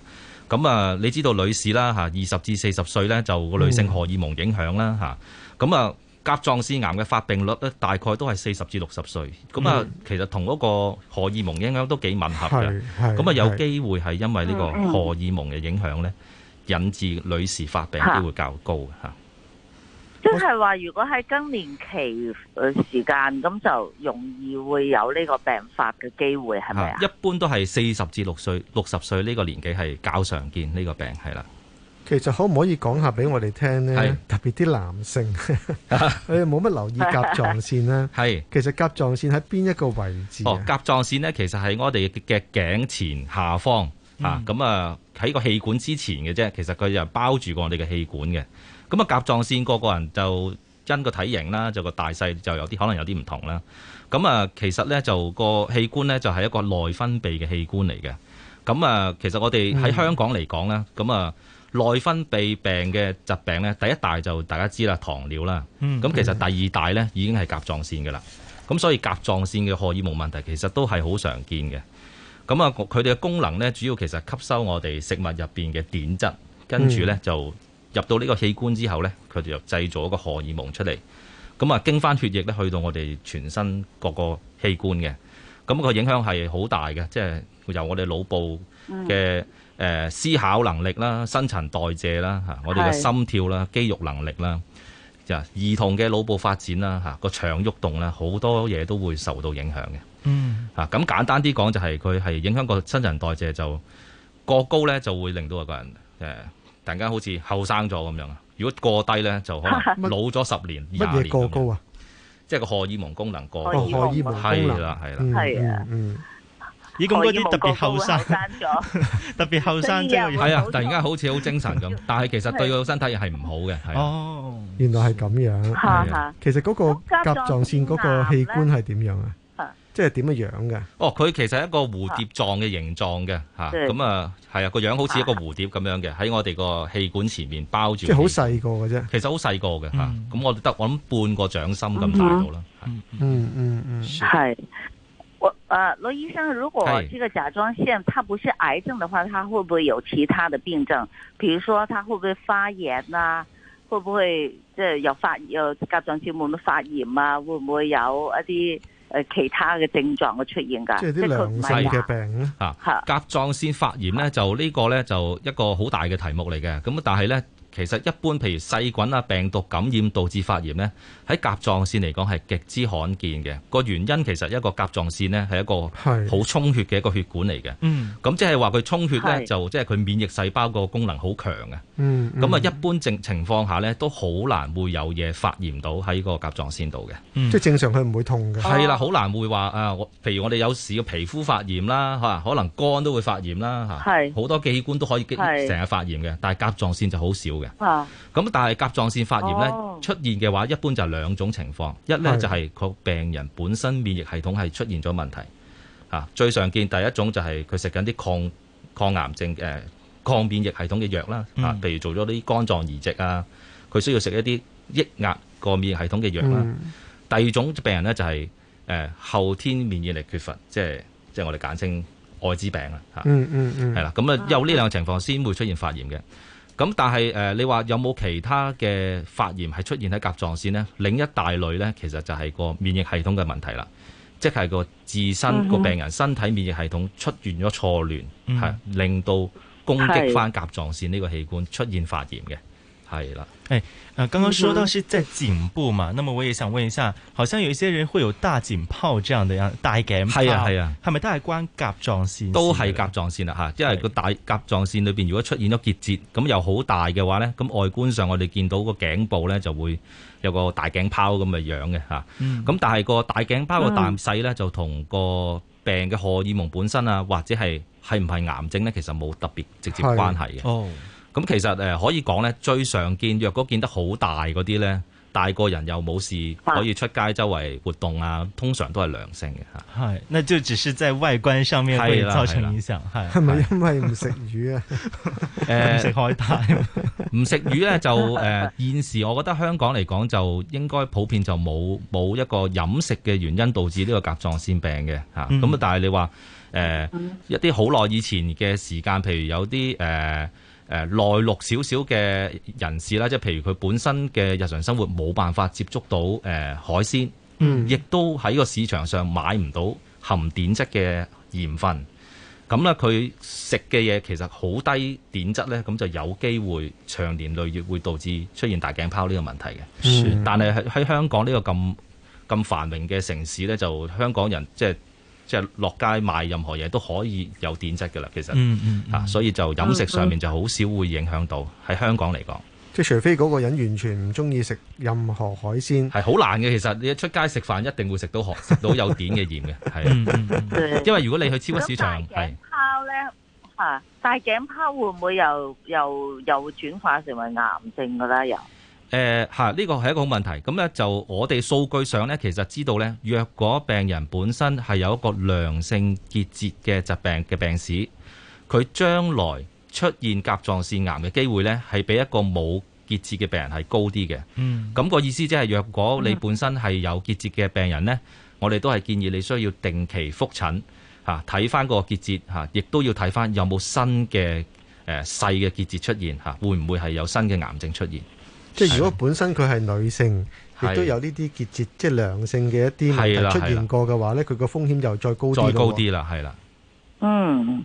咁啊，你知道女士啦嚇，二十至四十歲呢，就個女性荷爾蒙影響啦嚇。咁、嗯、啊，甲狀腺癌嘅發病率呢，大概都係四十至六十歲。咁、嗯、啊，其實同嗰個荷爾蒙影響都幾吻合嘅。咁啊，係有機會係因為呢個荷爾蒙嘅影響呢、嗯，引致女士發病機會較高嚇。即係話，如果喺更年期誒時間，咁就容易會有呢個病發嘅機會，係咪啊？一般都係四十至六歲、六十歲呢個年紀係較常見呢個病，係啦。其實可唔可以講下俾我哋聽呢？特別啲男性，佢冇乜留意甲狀腺呢係， 其實甲狀腺喺邊一個位置？哦，甲狀腺呢，其實係我哋嘅頸前下方、嗯、啊，咁啊喺個氣管之前嘅啫。其實佢就包住過我哋嘅氣管嘅。咁啊，甲狀腺個個人就因個體型啦，就個大細就有啲可能有啲唔同啦。咁啊，其實咧就個器官咧就係、是、一個內分泌嘅器官嚟嘅。咁啊，其實我哋喺香港嚟講咧，咁啊內分泌病嘅疾病咧，第一大就大家知啦，糖尿啦。咁、嗯、其實第二大咧已經係甲狀腺㗎啦。咁、嗯、所以甲狀腺嘅荷爾蒙問題其實都係好常見嘅。咁啊，佢哋嘅功能咧，主要其實吸收我哋食物入面嘅碘質，跟住咧就，嗯入到呢個器官之後呢，佢哋就製造一個荷爾蒙出嚟，咁啊經翻血液咧去到我哋全身各個器官嘅，咁個影響係好大嘅，即係由我哋腦部嘅誒思考能力啦、新陳代謝啦嚇、嗯，我哋嘅心跳啦、肌肉能力啦，啊兒童嘅腦部發展啦嚇，個腸喐動啦，好多嘢都會受到影響嘅，嚇、嗯、咁簡單啲講就係佢係影響個新陳代謝，就過高呢就會令到一個人誒。突然間好似後生咗咁樣啊！如果過低咧就可能老咗十年、廿年咁樣。乜嘢過高啊？即係個荷爾蒙功能過高，係啦，係啦。係啊，咦？咁嗰啲特別後生，特別後生即係，係啊！突然間好似好精神咁，但係其實對個身體係唔好嘅。哦，原來係咁樣。嚇其實嗰個甲狀腺嗰個器官係點樣啊？即係點樣樣嘅？哦，佢其實係一個蝴蝶狀嘅形狀嘅，吓咁啊，係啊，個、嗯嗯嗯嗯、樣好似一個蝴蝶咁樣嘅，喺我哋個氣管前面包住。即係好細個嘅啫。其實好細個嘅吓，咁我得我諗半個掌心咁大到啦。嗯嗯嗯，係、嗯。羅、嗯、啊，羅、嗯嗯呃、醫生，如果呢個甲狀腺它不是癌症的話，它會不會有其他的病症？譬如說，它會不會發炎啊？會不會即係又發又甲狀腺門發炎啊？會唔會有一啲？誒，其他嘅症狀嘅出現㗎，即係啲良性嘅病咧、啊、甲狀腺發炎咧，就呢個呢個咧就一個好大嘅題目嚟嘅。咁但係咧。其實一般譬如細菌啊、病毒感染導致發炎呢，喺甲狀腺嚟講係極之罕見嘅。個原因其實一個甲狀腺呢係一個好充血嘅一個血管嚟嘅。嗯，咁即係話佢充血呢，就即係佢免疫細胞個功能好強嘅。嗯，咁、嗯、啊一般正情況下呢，都好難會有嘢發炎到喺個甲狀腺度嘅。即係正常佢唔會痛嘅。係、啊、啦，好難會話啊，譬如我哋有時嘅皮膚發炎啦嚇，可能肝都會發炎啦嚇，好多器官都可以成日發炎嘅，但係甲狀腺就好少嘅。啊！咁但係甲狀腺發炎咧、哦，出現嘅話，一般就係兩種情況，一咧就係、是、個病人本身免疫系統係出現咗問題，吓、啊、最常見第一種就係佢食緊啲抗抗癌症誒、呃、抗免疫系統嘅藥啦，吓、啊、譬、嗯、如做咗啲肝臟移植啊，佢需要食一啲抑壓個免疫系統嘅藥啦。第二種病人咧就係、是、誒、呃、後天免疫力缺乏，即係即係我哋簡稱愛滋病啊，吓嗯嗯嗯係啦，咁啊、嗯、有呢兩個情況先會出現發炎嘅。咁但係誒、呃，你話有冇其他嘅發炎係出現喺甲狀腺呢？另一大類呢，其實就係個免疫系統嘅問題啦，即係個自身個、嗯、病人身體免疫系統出現咗錯亂，係令到攻擊翻甲狀腺呢個器官出現發炎嘅。係啦，誒，啊，剛剛說到是在頸部嘛，那麼我也想問一下，好像有一些人會有大頸泡這樣的樣大頸泡，係啊係啊，係咪都係關甲狀腺？都係甲狀腺啦吓，因為個大甲狀腺裏邊如果出現咗結節，咁又好大嘅話呢，咁外觀上我哋見到個頸部呢，就會有個大頸泡咁嘅樣嘅吓，咁、嗯、但係個大頸泡個大細呢，就同個病嘅荷爾蒙本身啊，或者係係唔係癌症呢，其實冇特別直接關係嘅、啊、哦。咁其實誒可以講咧，最常見。若果見得好大嗰啲咧，大個人又冇事，可以出街周圍活動啊。通常都係良性嘅嚇。係，那就只是在外觀上面可以造成影響。係咪因為唔食魚啊？唔食海帶，唔 食、欸、魚咧就誒、呃、 現時，我覺得香港嚟講，就應該普遍就冇冇一個飲食嘅原因導致呢個甲狀腺病嘅嚇。咁、嗯、啊，但係你話誒、呃、一啲好耐以前嘅時間，譬如有啲誒。呃誒、呃、內陸少少嘅人士啦，即係譬如佢本身嘅日常生活冇辦法接觸到誒、呃、海鮮，嗯，亦都喺個市場上買唔到含碘質嘅鹽分，咁咧佢食嘅嘢其實好低碘質咧，咁就有機會長年累月會導致出現大頸泡呢個問題嘅、嗯。但係喺香港呢個咁咁繁榮嘅城市咧，就香港人即係。即係落街賣任何嘢都可以有碘質嘅啦，其實、嗯嗯，啊，所以就飲食上面就好少會影響到喺香港嚟講。即係除非嗰個人完全唔中意食任何海鮮，係好難嘅。其實你一出街食飯一定會食到含食到有碘嘅鹽嘅，係、 嗯。因為如果你去超級市場，係。大頸泡咧，啊，大頸泡會唔會又又又轉化成為癌症噶咧？又誒、呃、吓、這、呢個係一個好問題。咁咧就我哋數據上咧，其實知道咧，若果病人本身係有一個良性結節嘅疾病嘅病史，佢將來出現甲狀腺癌嘅機會咧，係比一個冇結節嘅病人係高啲嘅。嗯，咁、那個意思即、就、係、是，若果你本身係有結節嘅病人咧、嗯，我哋都係建議你需要定期複診吓，睇、啊、翻個結節吓，亦、啊、都要睇翻有冇新嘅誒、啊、細嘅結節出現吓、啊，會唔會係有新嘅癌症出現？即係如果本身佢係女性，亦都有呢啲結節，即係良性嘅一啲出現過嘅話咧，佢個風險又再高啲咯。再高啲啦，係啦。嗯，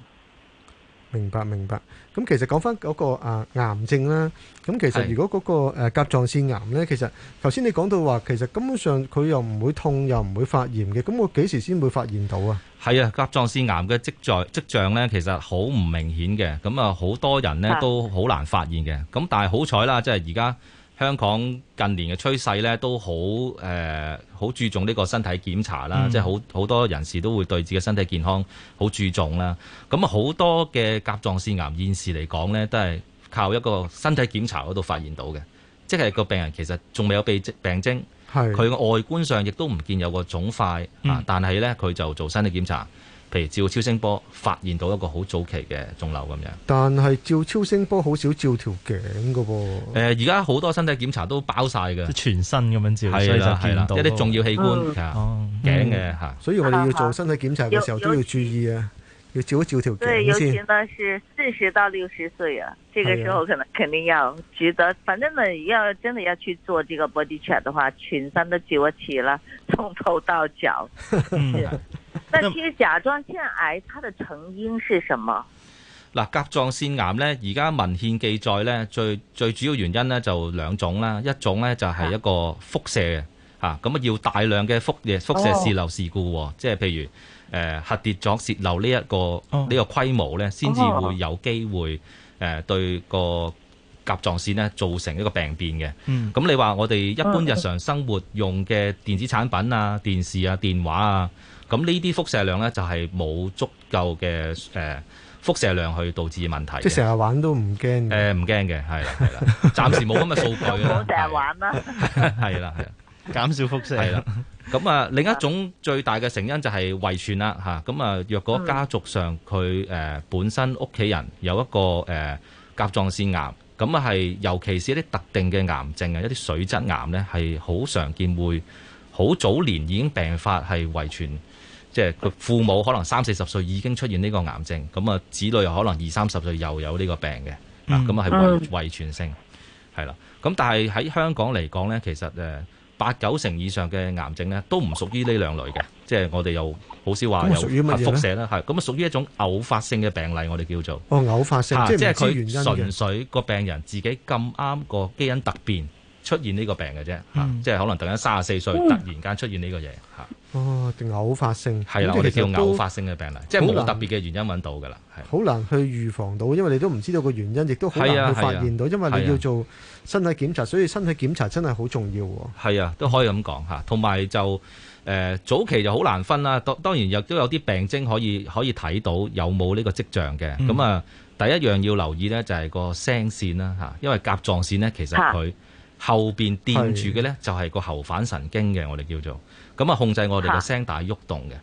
明白明白。咁其實講翻嗰個啊癌症啦，咁其實如果嗰個誒甲狀腺癌咧，其實頭先你講到話，其實根本上佢又唔會痛，又唔會發炎嘅。咁我幾時先會發現到啊？係啊，甲狀腺癌嘅跡象跡象咧，其實好唔明顯嘅。咁啊，好多人咧都好難發現嘅。咁但係好彩啦，即係而家。香港近年嘅趨勢咧，都好誒，好注重呢個身體檢查啦、嗯，即係好好多人士都會對自己身體健康好注重啦。咁好多嘅甲狀腺癌現時嚟講咧，都係靠一個身體檢查嗰度發現到嘅，即係個病人其實仲未有被病徵，佢嘅外觀上亦都唔見有個腫塊、嗯，但係咧佢就做身體檢查。譬如照超聲波，發現到一個好早期嘅腫瘤咁樣。但係照超聲波好少照條頸噶喎。誒、呃，而家好多身體檢查都包晒㗎，全身咁樣照的，所以就見到一啲重要器官，頸嘅嚇。所以我哋要做身體檢查嘅時候好好都要注意啊。要照一照條頸？對，尤其呢是四十到六十歲啊，這個時候可能肯定要值得。反正呢，要真係要去做這個 body check 嘅話，全身都照一次啦，從頭到腳。 但其實甲狀腺癌它的成因是什麼？甲狀腺癌呢，而家文獻記載呢，最最主要原因呢，就兩種啦，一種呢，就係、是、一個輻射吓，咁啊，啊要大量嘅輻射輻射泄漏事故，哦、即係譬如誒、呃、核電站泄漏呢、這、一個呢、哦這個規模呢，先至會有機會誒、呃、對個甲狀腺呢，造成一個病變嘅。咁、嗯嗯嗯、你話我哋一般日常生活用嘅電子產品啊、哦、電視啊、電話啊。咁呢啲輻射量咧，就係冇足夠嘅誒輻射量去導致問題。即係成日玩都唔驚。誒唔驚嘅，係啦係啦，暫時冇咁嘅數據。冇成日玩啦。係啦係啦，減少輻射。係啦。咁啊，另一種最大嘅成因就係遺傳啦吓。咁啊，若果家族上佢誒本身屋企人有一個誒甲狀腺癌，咁啊係尤其是一啲特定嘅癌症啊，一啲髓質癌咧係好常見，會好早年已經病發係遺傳。即係佢父母可能三四十歲已經出現呢個癌症，咁啊子女又可能二三十歲又有呢個病嘅，咁啊係遺遺傳性，係啦。咁但係喺香港嚟講呢，其實誒八九成以上嘅癌症呢都唔、嗯、又屬於呢兩類嘅，即係我哋又好少話有及輻射啦，係咁啊屬於一種偶發性嘅病例，我哋叫做偶發性，啊、即係佢純粹個病人自己咁啱個基因突變出現呢個病嘅啫、嗯啊，即係可能突然三十四歲、啊、突然間出現呢個嘢嚇。啊啊哦，定偶發性係啦，我哋叫偶發性嘅病例，即係冇特別嘅原因搵到嘅啦，係好難去預防到，因為你都唔知道個原因，亦都好難去發現到，因為你要做身體檢查，所以身體檢查真係好重要喎。係啊，都可以咁講嚇，同埋就誒早期就好難分啦。當當然亦都有啲病徵可以可以睇到有冇呢個跡象嘅咁啊。第一樣要留意咧就係個聲線啦嚇，因為甲狀腺咧其實佢後邊墊住嘅咧就係個喉返神經嘅，我哋叫做。咁啊，控制我哋個聲帶喐動嘅。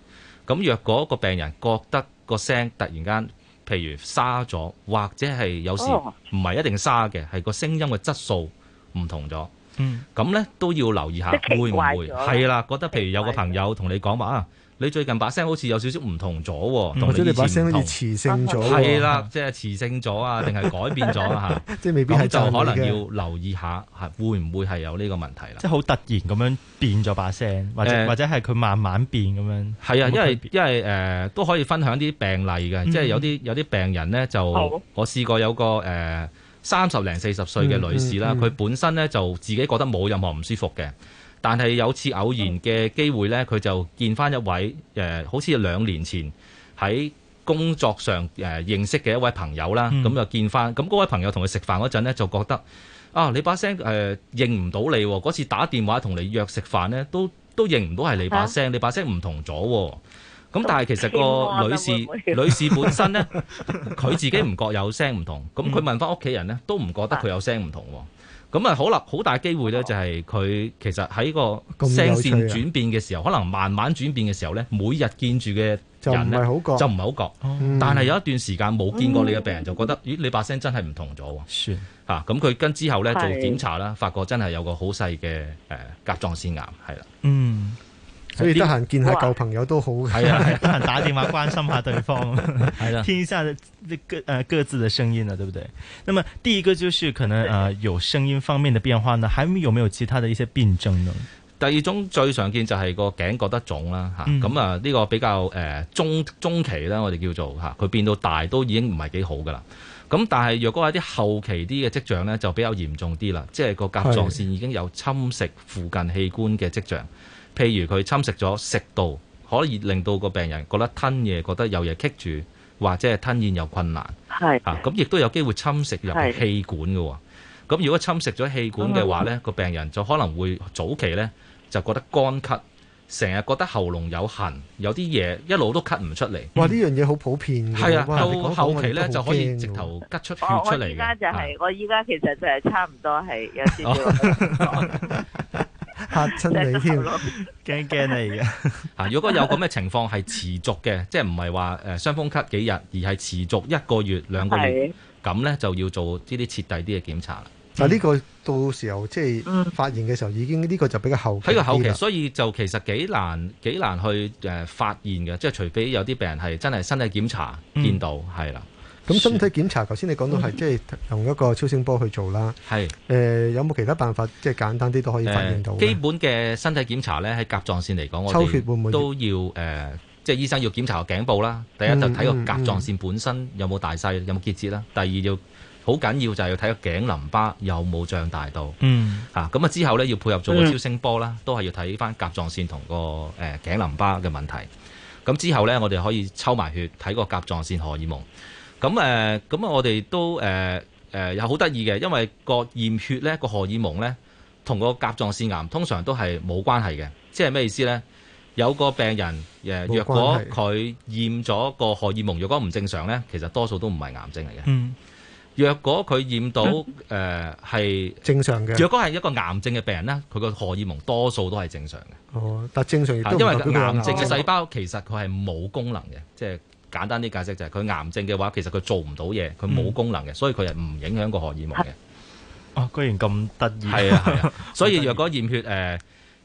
咁若果個病人覺得個聲突然間，譬如沙咗，或者係有時唔係一定沙嘅，係個聲音嘅質素唔同咗。嗯，咁呢都要留意下，會唔會係啦？覺得譬如有個朋友同你講話，啊。你最近把聲好似有少少唔同咗，同、嗯、以前唔同你把聲好似磁性咗，係啦， 即、就、係、是、磁性咗啊，定係改變咗啊？ 即係未必係就可能要留意下，係會唔會係有呢個問題啦？即係好突然咁樣變咗把聲，呃、或者或者係佢慢慢變咁樣。係、呃、啊，因為因為誒、呃、都可以分享啲病例嘅，嗯、哼即係有啲有啲病人咧就、嗯、哼我試過有個誒三十零四十歲嘅女士啦，佢、嗯、哼本身咧就自己覺得冇任何唔舒服嘅。但係有次偶然嘅機會呢，佢就見翻一位、呃、好似兩年前喺工作上誒、呃、認識嘅一位朋友啦。咁、嗯、就見翻，咁嗰位朋友同佢食飯嗰陣呢，就覺得啊，你把聲誒、呃、認唔到你。嗰次打電話同你約食飯呢，都都認唔到係你把聲、啊，你把聲唔同咗。咁但係其實個女士、嗯、女士本身呢，佢 自己唔覺有聲唔同。咁佢問翻屋企人呢，都唔覺得佢有聲唔同。咁啊，好啦，好大機會咧，就係佢其實喺個聲線轉變嘅時候，啊、可能慢慢轉變嘅時候咧，每日見住嘅人咧就唔係好覺，嗯、但係有一段時間冇見過你嘅病人，就覺得咦，你把聲真係唔同咗喎。嚇了，咁佢、啊、跟之後咧是做檢查啦，發覺真係有個好細嘅誒甲狀腺癌，係啦。嗯。所以得閒見下舊朋友都好，係啊，得閒、啊 啊、打電話關心一下對方，係 啦、啊，聽一下啲各誒各自的聲音啊，對不對？咁啊，第一個就是可能誒有聲音方面的變化呢，還有沒有其他的一些病症呢？第二種最常見就係個頸覺得腫啦吓，咁啊呢個比較誒中中期啦，我哋叫做吓，佢變到大都已經唔係幾好㗎啦。咁但係若果一啲後期啲嘅迹象咧，就比較嚴重啲啦，即係個甲狀腺已經有侵蝕附近器官嘅迹象。譬如佢侵蝕咗食道，可以令到個病人覺得吞嘢覺得有嘢棘住，或者係吞咽又困難。係嚇，咁亦都有機會侵蝕入氣管嘅喎。咁如果侵蝕咗氣管嘅話咧，個、啊、病人就可能會早期咧就覺得乾咳，成日覺得喉嚨有痕，有啲嘢一路都咳唔出嚟。哇！呢、嗯、樣嘢好普遍嘅。啊，到後期咧就，就可以直頭咳出血出嚟。我依家就係、是，我依家其實就係差唔多係有啲要 點 嚇親你添，驚驚 你嘅吓。如果有咁嘅情況係持續嘅，即係唔係話誒，傷風咳幾日，而係持續一個月、兩個月，咁咧是就要做呢啲徹底啲嘅檢查啦。嗱、啊，呢、這個到時候即係發現嘅時候，已經呢、這個就比較後期喺、嗯、 個後期，所以就其實幾難幾難去誒、呃、發現嘅，即係除非有啲病人係真係身體檢查見、嗯、到係啦。咁身體檢查，頭先你講到係即係用一個超聲波去做啦。係誒、呃，有冇其他辦法即係簡單啲都可以發現到、呃？基本嘅身體檢查咧，喺甲狀腺嚟講，抽血會唔會、我哋都要誒、呃，即係醫生要檢查個頸部啦。第一、嗯、就睇個甲狀腺本身有冇大細、嗯，有冇結節啦。第二要好緊要就係要睇個頸淋巴有冇脹大到。嗯，吓咁啊！之後咧要配合做個超聲波啦，嗯、都係要睇翻甲狀腺同個誒頸淋巴嘅問題。咁之後咧，我哋可以抽埋血睇個甲狀腺荷爾蒙。咁、嗯、誒，咁、嗯、啊、嗯，我哋都誒誒，又好得意嘅，因為個驗血咧，個荷爾蒙咧，同個甲狀腺癌通常都係冇關係嘅。即係咩意思咧？有個病人誒、呃，若果佢驗咗個荷爾蒙，若果唔正常咧，其實多數都唔係癌症嚟嘅。嗯，若果佢驗到誒係、嗯呃、正常嘅，若果係一個癌症嘅病人咧，佢個荷爾蒙多數都係正常嘅。哦，但正常因為癌症嘅細胞、哦、其實佢係冇功能嘅，即係簡單啲解釋就係佢癌症嘅話，其實佢做唔到嘢，佢冇功能嘅，所以佢係唔影響個荷爾蒙嘅。啊，居然咁得意！係 啊，係啊，所以若果驗血、呃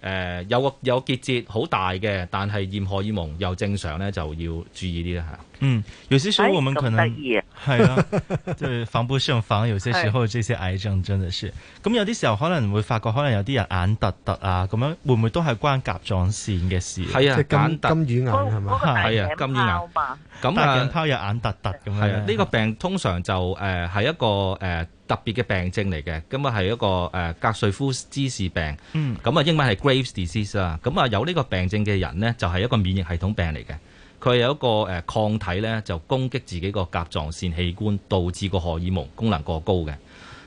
誒、呃、有個有個結節好大嘅，但係驗荷爾蒙又正常咧，就要注意啲啦嚇。嗯，尿酸少，我問佢啊，啊，係即係反補上反有酸少，時候啲癌症真係。咁有啲時候可能會發覺，可能有啲人眼突突啊，咁樣會唔會都係關甲狀腺嘅事？係啊，眼金金魚眼係嘛？哦、係啊，係啊，金魚眼。咁啊、就是、啊，眼泡有眼突突咁啊，呢、啊啊這個病通常就誒係、呃、一個誒。呃特別嘅病症嚟嘅，咁啊係一個誒格瑞夫滋氏病，咁啊英文係 Graves disease 啊，咁啊有呢個病症嘅人呢，就係一個免疫系統病嚟嘅，佢係有一個誒抗體呢，就攻擊自己個甲狀腺器官，導致個荷爾蒙功能過高嘅。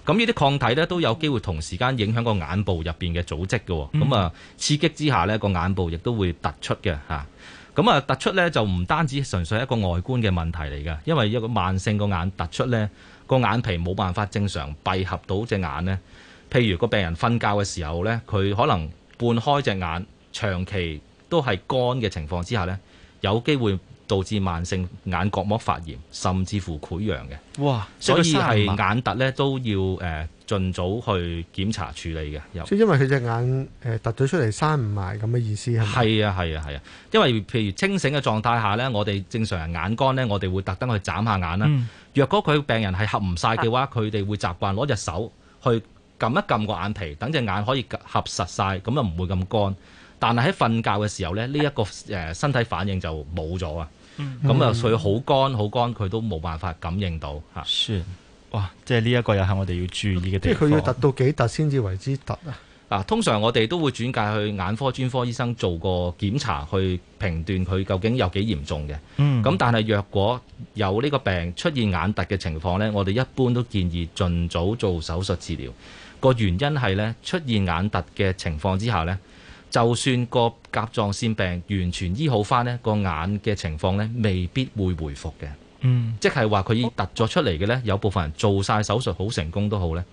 咁呢啲抗體呢，都有機會同時間影響個眼部入邊嘅組織嘅，咁啊刺激之下呢，個眼部亦都會突出嘅嚇。咁啊突出呢，就唔單止純粹係一個外觀嘅問題嚟嘅，因為一個慢性個眼突出呢。個眼皮冇辦法正常閉合到隻眼呢。譬如個病人瞓覺嘅時候呢，佢可能半開隻眼，長期都係乾嘅情況之下呢，有機會導致慢性眼角膜發炎，甚至乎潰瘍嘅。哇！所以係眼凸呢都要誒。呃盡早去檢查處理嘅，所以因為佢隻眼誒凸咗出嚟，閂唔埋咁嘅意思係咪？係啊，係啊，係啊，因為譬如清醒嘅狀態下呢，我哋正常人眼乾呢，我哋會特登去眨下眼啦、嗯。若果佢病人係合唔晒嘅話，佢、啊、哋會習慣攞隻手去撳一撳個眼皮，等隻眼可以合實晒，咁啊唔會咁乾。但係喺瞓覺嘅時候呢，呢、這、一個誒身體反應就冇咗啊。咁、嗯、啊，所以好乾好乾，佢都冇辦法感應到嚇。啊。哇！即係呢一個又係我哋要注意嘅地方。佢要達到幾突先至為之突啊？通常我哋都會轉介去眼科專科醫生做個檢查，去評斷佢究竟有幾嚴重嘅。咁但係若果有呢個病出現眼突嘅情況呢，我哋一般都建議盡早做手術治療。個原因係呢，出現眼突嘅情況之下呢，就算個甲狀腺病完全醫好翻呢，個眼嘅情況呢，未必會回復嘅。嗯，即係話佢已突咗出嚟嘅呢，有部分人做晒手術好成功都好呢，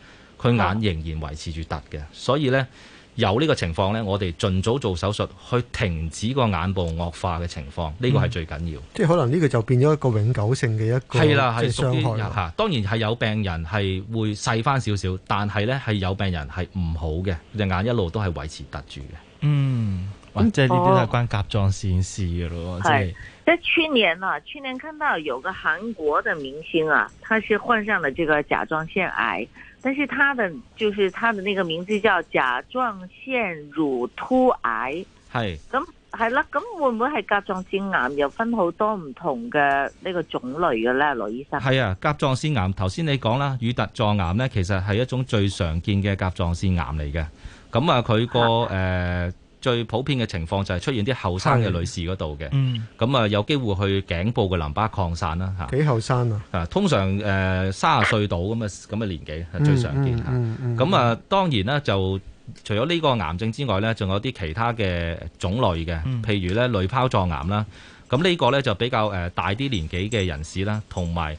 佢眼仍然維持住突嘅，所以呢，有呢個情況呢，我哋盡早做手術去停止個眼部惡化嘅情況，呢個係最緊要。嗯，即係可能呢個就變咗一個永久性嘅一個傷害吓。當然係有病人係會細翻少少，但係呢係有病人係唔好嘅，隻眼一路都係維持突住嘅。嗯。即係呢啲都係關甲狀腺事嘅咯，係、哦。誒、就是，是去年啊，去年看到有個韓國嘅明星啊，他是患上了這個甲狀腺癌，但是他的就是他的那個名字叫甲狀腺乳突癌。係咁係啦，咁會唔會係甲狀腺癌又分好多唔同嘅呢個種類嘅咧，羅醫生？係啊，甲狀腺癌頭先你講啦，乳突狀癌咧，其實係一種最常見嘅甲狀腺癌嚟嘅。咁、嗯、啊，佢、個誒。最普遍嘅情況就係出現啲後生嘅女士嗰度嘅，咁啊、嗯、有機會去頸部嘅淋巴擴散啦嚇。幾後生啊？啊，通常誒三十歲到咁嘅咁嘅年紀係最常見嚇。咁、嗯嗯嗯、啊、嗯、當然啦，就除咗呢個癌症之外咧，仲有啲其他嘅種類嘅、嗯，譬如咧濾泡狀癌啦。咁呢個咧就比較誒大啲年紀嘅人士啦，同埋。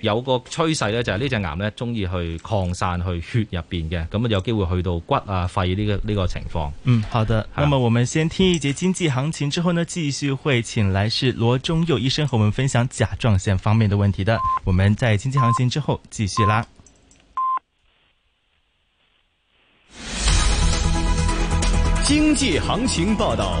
有個趨勢呢，就係呢隻癌呢中意去擴散去血入邊嘅，咁啊，有機會去到骨啊、肺呢個呢個情況。嗯，好的。那麼我們先聽一節經濟行情之後呢，繼續會請來是羅中佑醫生和我們分享甲狀腺方面的問題的。我們在經濟行情之後繼續啦。經濟行情報道。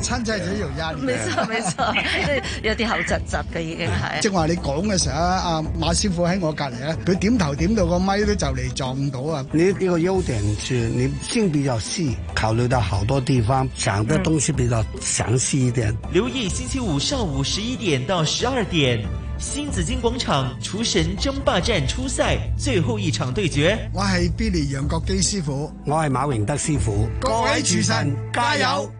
親仔仔條一，冇錯冇錯，即係 有啲口窒窒嘅已經係。正話你講嘅時候咧，阿馬師傅喺我隔籬咧，佢點頭點到個咪都就嚟撞到啊、嗯！你呢個優點住，你心比較細，考慮到好多地方，想得東西比較詳細一點。嗯、留意星期五上午十一點到十二點，新紫荊廣場廚神爭霸戰初賽最後一場對決。我係 Billy 楊國基師傅，我係馬榮德師傅，各位廚神加油！加油。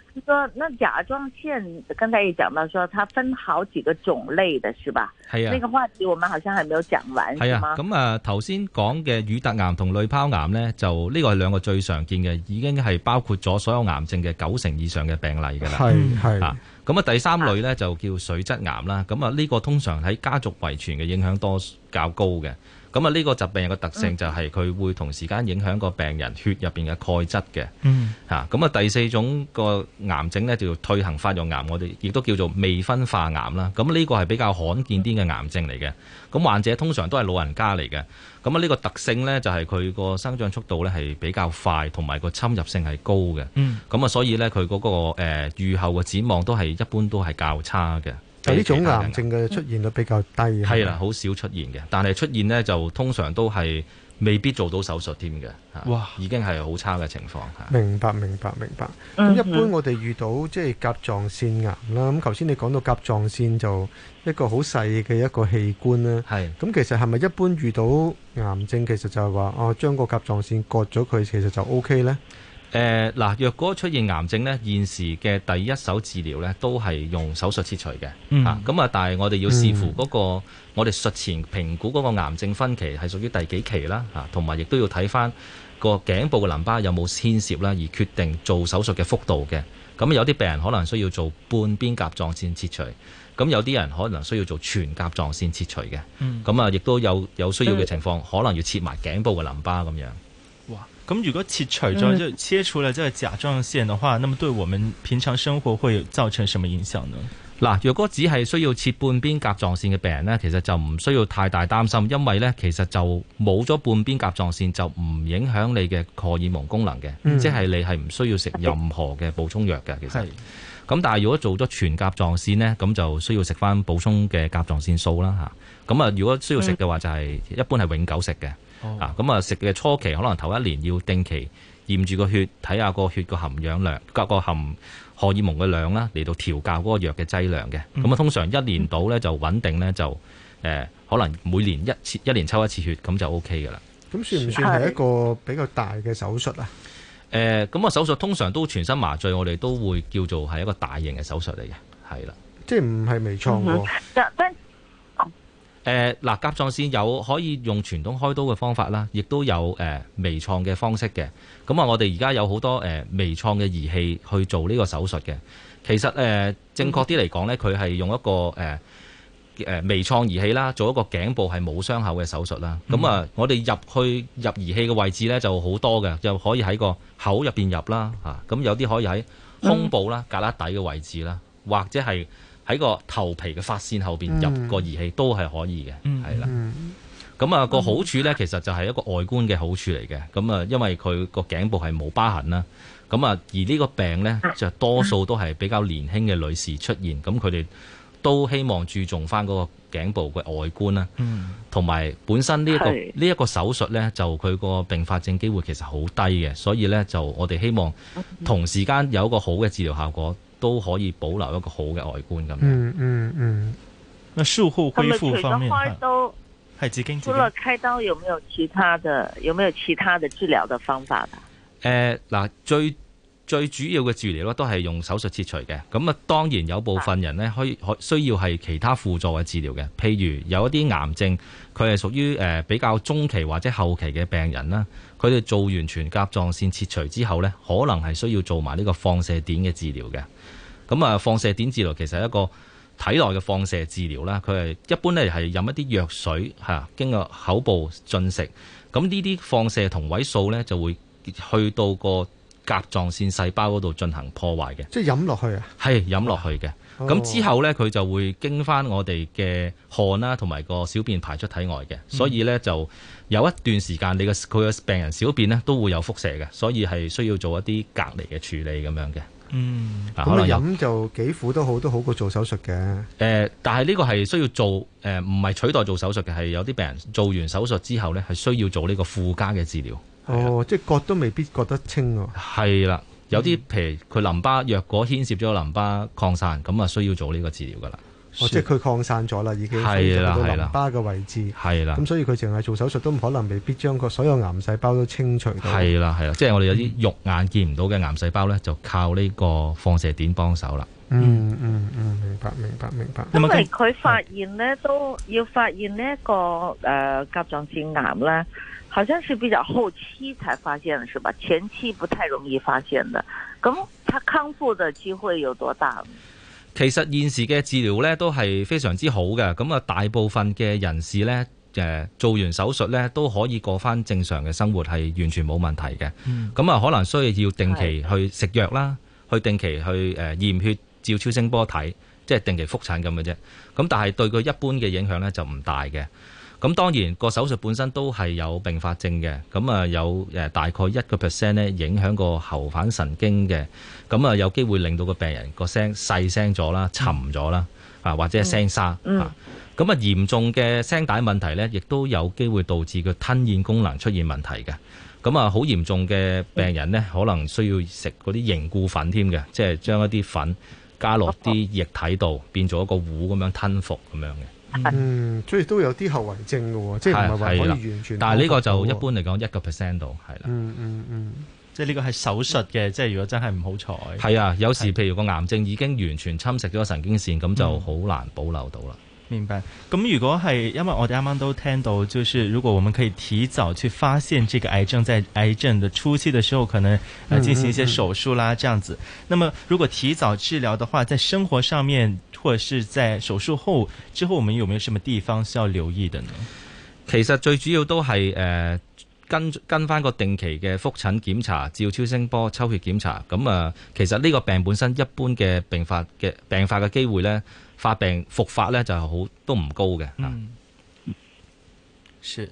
說，那甲狀腺剛才也講到說，說它分好幾個種類的，是吧？係啊。那個話題我們好像還沒有講完，係啊，咁啊，頭先講嘅乳突癌同濾泡癌呢，就呢、這個係兩個最常見嘅，已經係包括咗所有癌症嘅九成以上嘅病例噶啦。係係。咁啊、嗯，第三類呢，就叫水質癌啦。咁啊，呢、啊啊這個通常喺家族遺傳嘅影響多較高嘅。咁啊，呢個疾病嘅特性就係佢會同時間影響個病人血入邊嘅鈣質嘅。嗯。嚇，咁啊，第四種個癌症咧叫做退行發育癌，我哋亦都叫做未分化癌啦。咁呢個係比較罕見啲嘅癌症嚟嘅。咁患者通常都係老人家嚟嘅。咁啊，呢個特性咧就係佢個生長速度咧係比較快，同埋個侵入性係高嘅。嗯。咁啊，所以咧佢嗰個誒預後嘅展望都係一般都係較差嘅。誒，呢種癌症嘅出現率比較低，係啦，好少出現嘅。但係出現呢，就通常都係未必做到手術添嘅。哇，已經係好差嘅情況吓。明白，明白，明白。咁一般我哋遇到即係、就是、甲狀腺癌啦，咁頭先你講到甲狀腺就一個好細嘅一個器官啦。係。咁其實係咪一般遇到癌症，其實就係話哦，將個甲狀腺割咗佢，其實就 O K 咧？誒、呃、嗱，若果出現癌症呢，現時嘅第一手治療呢，都係用手術切除嘅。嚇，咁啊，但係我哋要視乎嗰、那個、嗯、我哋術前評估嗰個癌症分期係屬於第幾期啦，同埋亦都要睇翻個頸部嘅淋巴有冇牽涉啦，而決定做手術嘅幅度嘅。咁有啲病人可能需要做半邊甲狀腺切除，咁有啲人可能需要做全甲狀腺切除嘅。咁、嗯、啊，亦都有有需要嘅情況，可能要切埋頸部嘅淋巴咁樣。咁如果切除咗，即係切除咗即係甲狀腺嘅話，那麼對我們平常生活會造成什麼影響呢？嗱，若果只係需要切半邊甲狀腺嘅病人呢，其實就唔需要太大擔心，因為呢，其實就冇咗半邊甲狀腺就唔影響你嘅荷爾蒙功能嘅、嗯，即係你係唔需要食任何嘅補充藥嘅。其實，咁但係如果做咗全甲狀腺呢，咁就需要食翻補充嘅甲狀腺素啦吓。咁啊，如果需要食嘅話，嗯、就係、是、一般係永久食嘅。哦、啊，咁啊食嘅初期可能頭一年要定期驗住個血，睇下個血個含氧量、隔個含荷爾蒙嘅量啦，嚟到調校嗰個藥嘅劑量嘅。咁啊，通常一年到咧就穩定咧就誒、呃，可能每年一次，一年抽一次血咁就 O K 嘅啦。咁算唔算係一個比較大嘅手術啊？誒，咁、呃、啊、那個、手術通常都全身麻醉，我哋都會叫做係一個大型嘅手術嚟嘅，係啦。即係唔係微創喎？嗯誒、呃、嗱，甲狀腺有可以用傳統開刀嘅方法啦，亦都有誒、呃、微創嘅方式嘅。咁啊，我哋而家有好多誒微創嘅儀器去做呢個手術嘅。其實誒、呃、正確啲嚟講呢，佢係用一個誒誒、呃、微創儀器啦，做一個頸部係冇傷口嘅手術啦。咁、嗯、啊，那我哋入去入儀器嘅位置呢，就好多嘅，又可以喺個口入邊入啦，嚇、啊。咁有啲可以喺胸部啦、胳、嗯、肋底嘅位置啦，或者係。喺個頭皮嘅髮線後邊入個儀器都係可以嘅，係、嗯、啦。咁啊、嗯那個好處呢，嗯、其實就係一個外觀嘅好處嚟嘅。咁啊，因為佢個頸部係冇疤痕啦。咁啊，而呢個病呢，就多數都係比較年輕嘅女士出現。咁佢哋都希望注重翻嗰個頸部嘅外觀啦，同、嗯、埋本身呢、這、一個呢一、這個手術呢，就佢個併發症機會其實好低嘅。所以呢，就我哋希望同時間有一個好嘅治療效果。都可以保留一個好嘅外觀咁樣。嗯嗯嗯。那、嗯、術後恢復方面，是是除咗開刀，係經除了開刀，有沒有其他的？有沒有其他的治療的方法？誒，嗱，最最主要嘅治療咧，都係用手術切除嘅。咁啊，當然有部分人咧，可以可需要係其他輔助嘅治療嘅。譬如有一啲癌症，佢係屬於誒比較中期或者後期嘅病人啦。佢哋做完全甲狀腺切除之後呢，可能係需要做埋呢個放射碘嘅治療嘅。咁啊，放射碘治療其實係一個體內嘅放射治療啦。佢係一般呢係飲一啲藥水嚇，經過口部進食。咁呢啲放射同位素呢，就會去到個甲狀腺細胞嗰度進行破壞嘅。即係飲落去啊？係飲落去嘅。咁、哦、之後呢，佢就會經返我哋嘅汗啦，同埋個小便排出體外嘅。所以呢，就。有一段時間，你嘅佢嘅病人小便咧都會有輻射嘅，所以係需要做一啲隔離嘅處理咁樣嘅。嗯，咁啊飲就幾苦都好，都好過做手術嘅。誒、呃，但係呢個係需要做誒，唔、呃、係取代做手術嘅，係有啲病人做完手術之後咧，係需要做呢個附加嘅治療。哦，係啊、哦即係割都未必割得清喎、啊。係啦、啊，有啲譬、嗯、如佢淋巴若果牽涉咗淋巴擴散，咁啊需要做呢個治療噶啦。哦，即係佢擴散咗啦，已經分散去到淋巴嘅位置。係啦，咁所以佢淨係做手術都唔可能未必將個所有癌細胞都清除到。係啦。係啦係啦，即係我哋有啲肉眼見唔到嘅癌細胞咧，就靠呢個放射點幫手啦。嗯嗯嗯，嗯，明白明白明白。因為佢發現咧，都要發現呢一個誒甲狀腺癌咧，好像是比較後期才發現，是吧？前期不太容易發現的，咁他康復的機會有多大？其實現時嘅治療咧都係非常之好嘅，咁啊大部分嘅人士咧、呃、做完手術咧都可以過翻正常嘅生活，係完全冇問題嘅。咁、嗯、啊可能需要定期去食藥啦，去定期去誒驗、呃、血、照超聲波睇，即係定期復診咁嘅啫。咁但係對佢一般嘅影響咧就唔大嘅。咁當然個手術本身都係有並發症嘅，咁啊有誒大概一個 percent 咧影響個喉返神經嘅，咁啊有機會令到個病人個聲細聲咗啦、沉咗啦，啊或者係聲沙啊。咁啊嚴重嘅聲帶問題咧，亦都有機會導致佢吞咽功能出現問題嘅。咁啊好嚴重嘅病人咧，可能需要食嗰啲凝固粉添嘅，即係將一啲粉加落啲液體度，變咗一個糊咁樣吞服咁樣嘅。嗯、mm -hmm.，mm -hmm. mm -hmm. 所以都有啲後遺症嘅喎，即係唔係話可以完全。的但係呢個就一般嚟講，一、mm -hmm. 個 percent 度，係啦。嗯嗯嗯，即係呢個係手術嘅，mm -hmm. 即係如果真係唔好彩。係啊，有時譬如個癌症已經完全侵蝕咗神經線，咁就好難保留到啦。Mm -hmm. 明白。咁如果係，因為我哋啱啱都聽到，就是如果我們可以提早去發現這個癌症，在癌症的初期的時候，可能啊進行一些手術啦，mm -hmm. 這樣子。那麼如果提早治療的話，在生活上面。或者是在手術後之後，我們有沒有什麼地方需要留意的呢？其實最主要都係誒、呃，跟跟翻個定期嘅複診檢查，照超聲波、抽血檢查。咁、嗯、啊、呃，其實呢個病本身一般嘅病發嘅病發嘅機會呢，發病複發呢，就係好都唔高嘅，吓、嗯。是。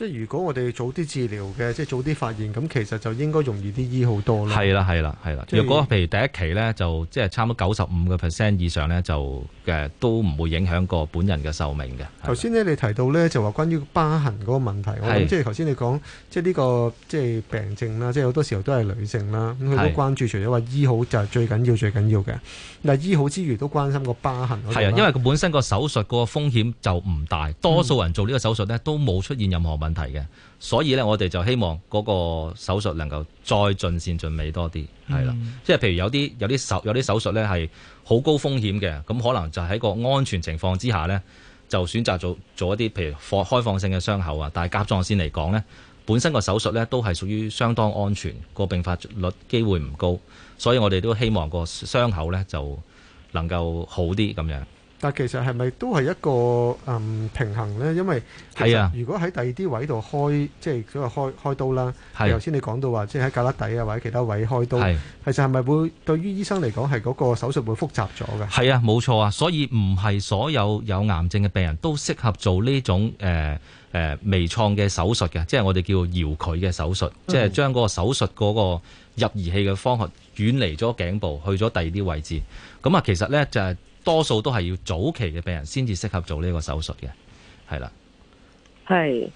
即係如果我哋早啲治療嘅，即係早啲發現，咁其實就應該容易啲醫好多咯。係啦，係啦，係啦。如果譬如第一期咧，就即係差唔多九十五個 percent 以上咧，就嘅都唔會影響個本人嘅壽命嘅。頭先咧你提到咧就話關於疤痕嗰個問題，我即係頭先你講即係呢個即係病症啦，即係好多時候都係女性啦，咁佢都關注，除咗話醫好就係最緊要，最要、最緊要嘅。嗱，醫好之餘都關心個疤痕。係啊，因為佢本身個手術個風險就唔大，多數人做呢個手術咧都冇出現任何問題。題嘅，所以咧，我哋就希望嗰個手術能夠再盡善盡美多啲，係、嗯、啦。即係譬如有啲有啲手有啲手術咧係好高風險嘅，咁可能就喺個安全情況之下咧，就選擇做做一啲譬如放開放性嘅傷口啊。但係甲狀腺嚟講咧，本身個手術咧都係屬於相當安全，個併發率機會唔高，所以我哋都希望個傷口咧就能夠好啲咁樣。但其實係咪都係一個嗯平衡咧？因為其實如果喺第二啲位度開，即係所謂開開刀啦。係頭先你講到話，即係喺胳肋底啊或者其他位開刀，係其實係咪會對於醫生嚟講係嗰個手術會複雜咗嘅？係啊，冇錯啊。所以唔係所有有癌症嘅病人都適合做呢種誒誒微創嘅手術嘅，即係我哋叫遙距嘅手術，即係將嗰個手術嗰個入儀器嘅方向遠離咗頸部，去咗第二啲位置。咁啊，其實咧就係。多數都係要早期嘅病人先至適合做呢個手術嘅，係啦。係，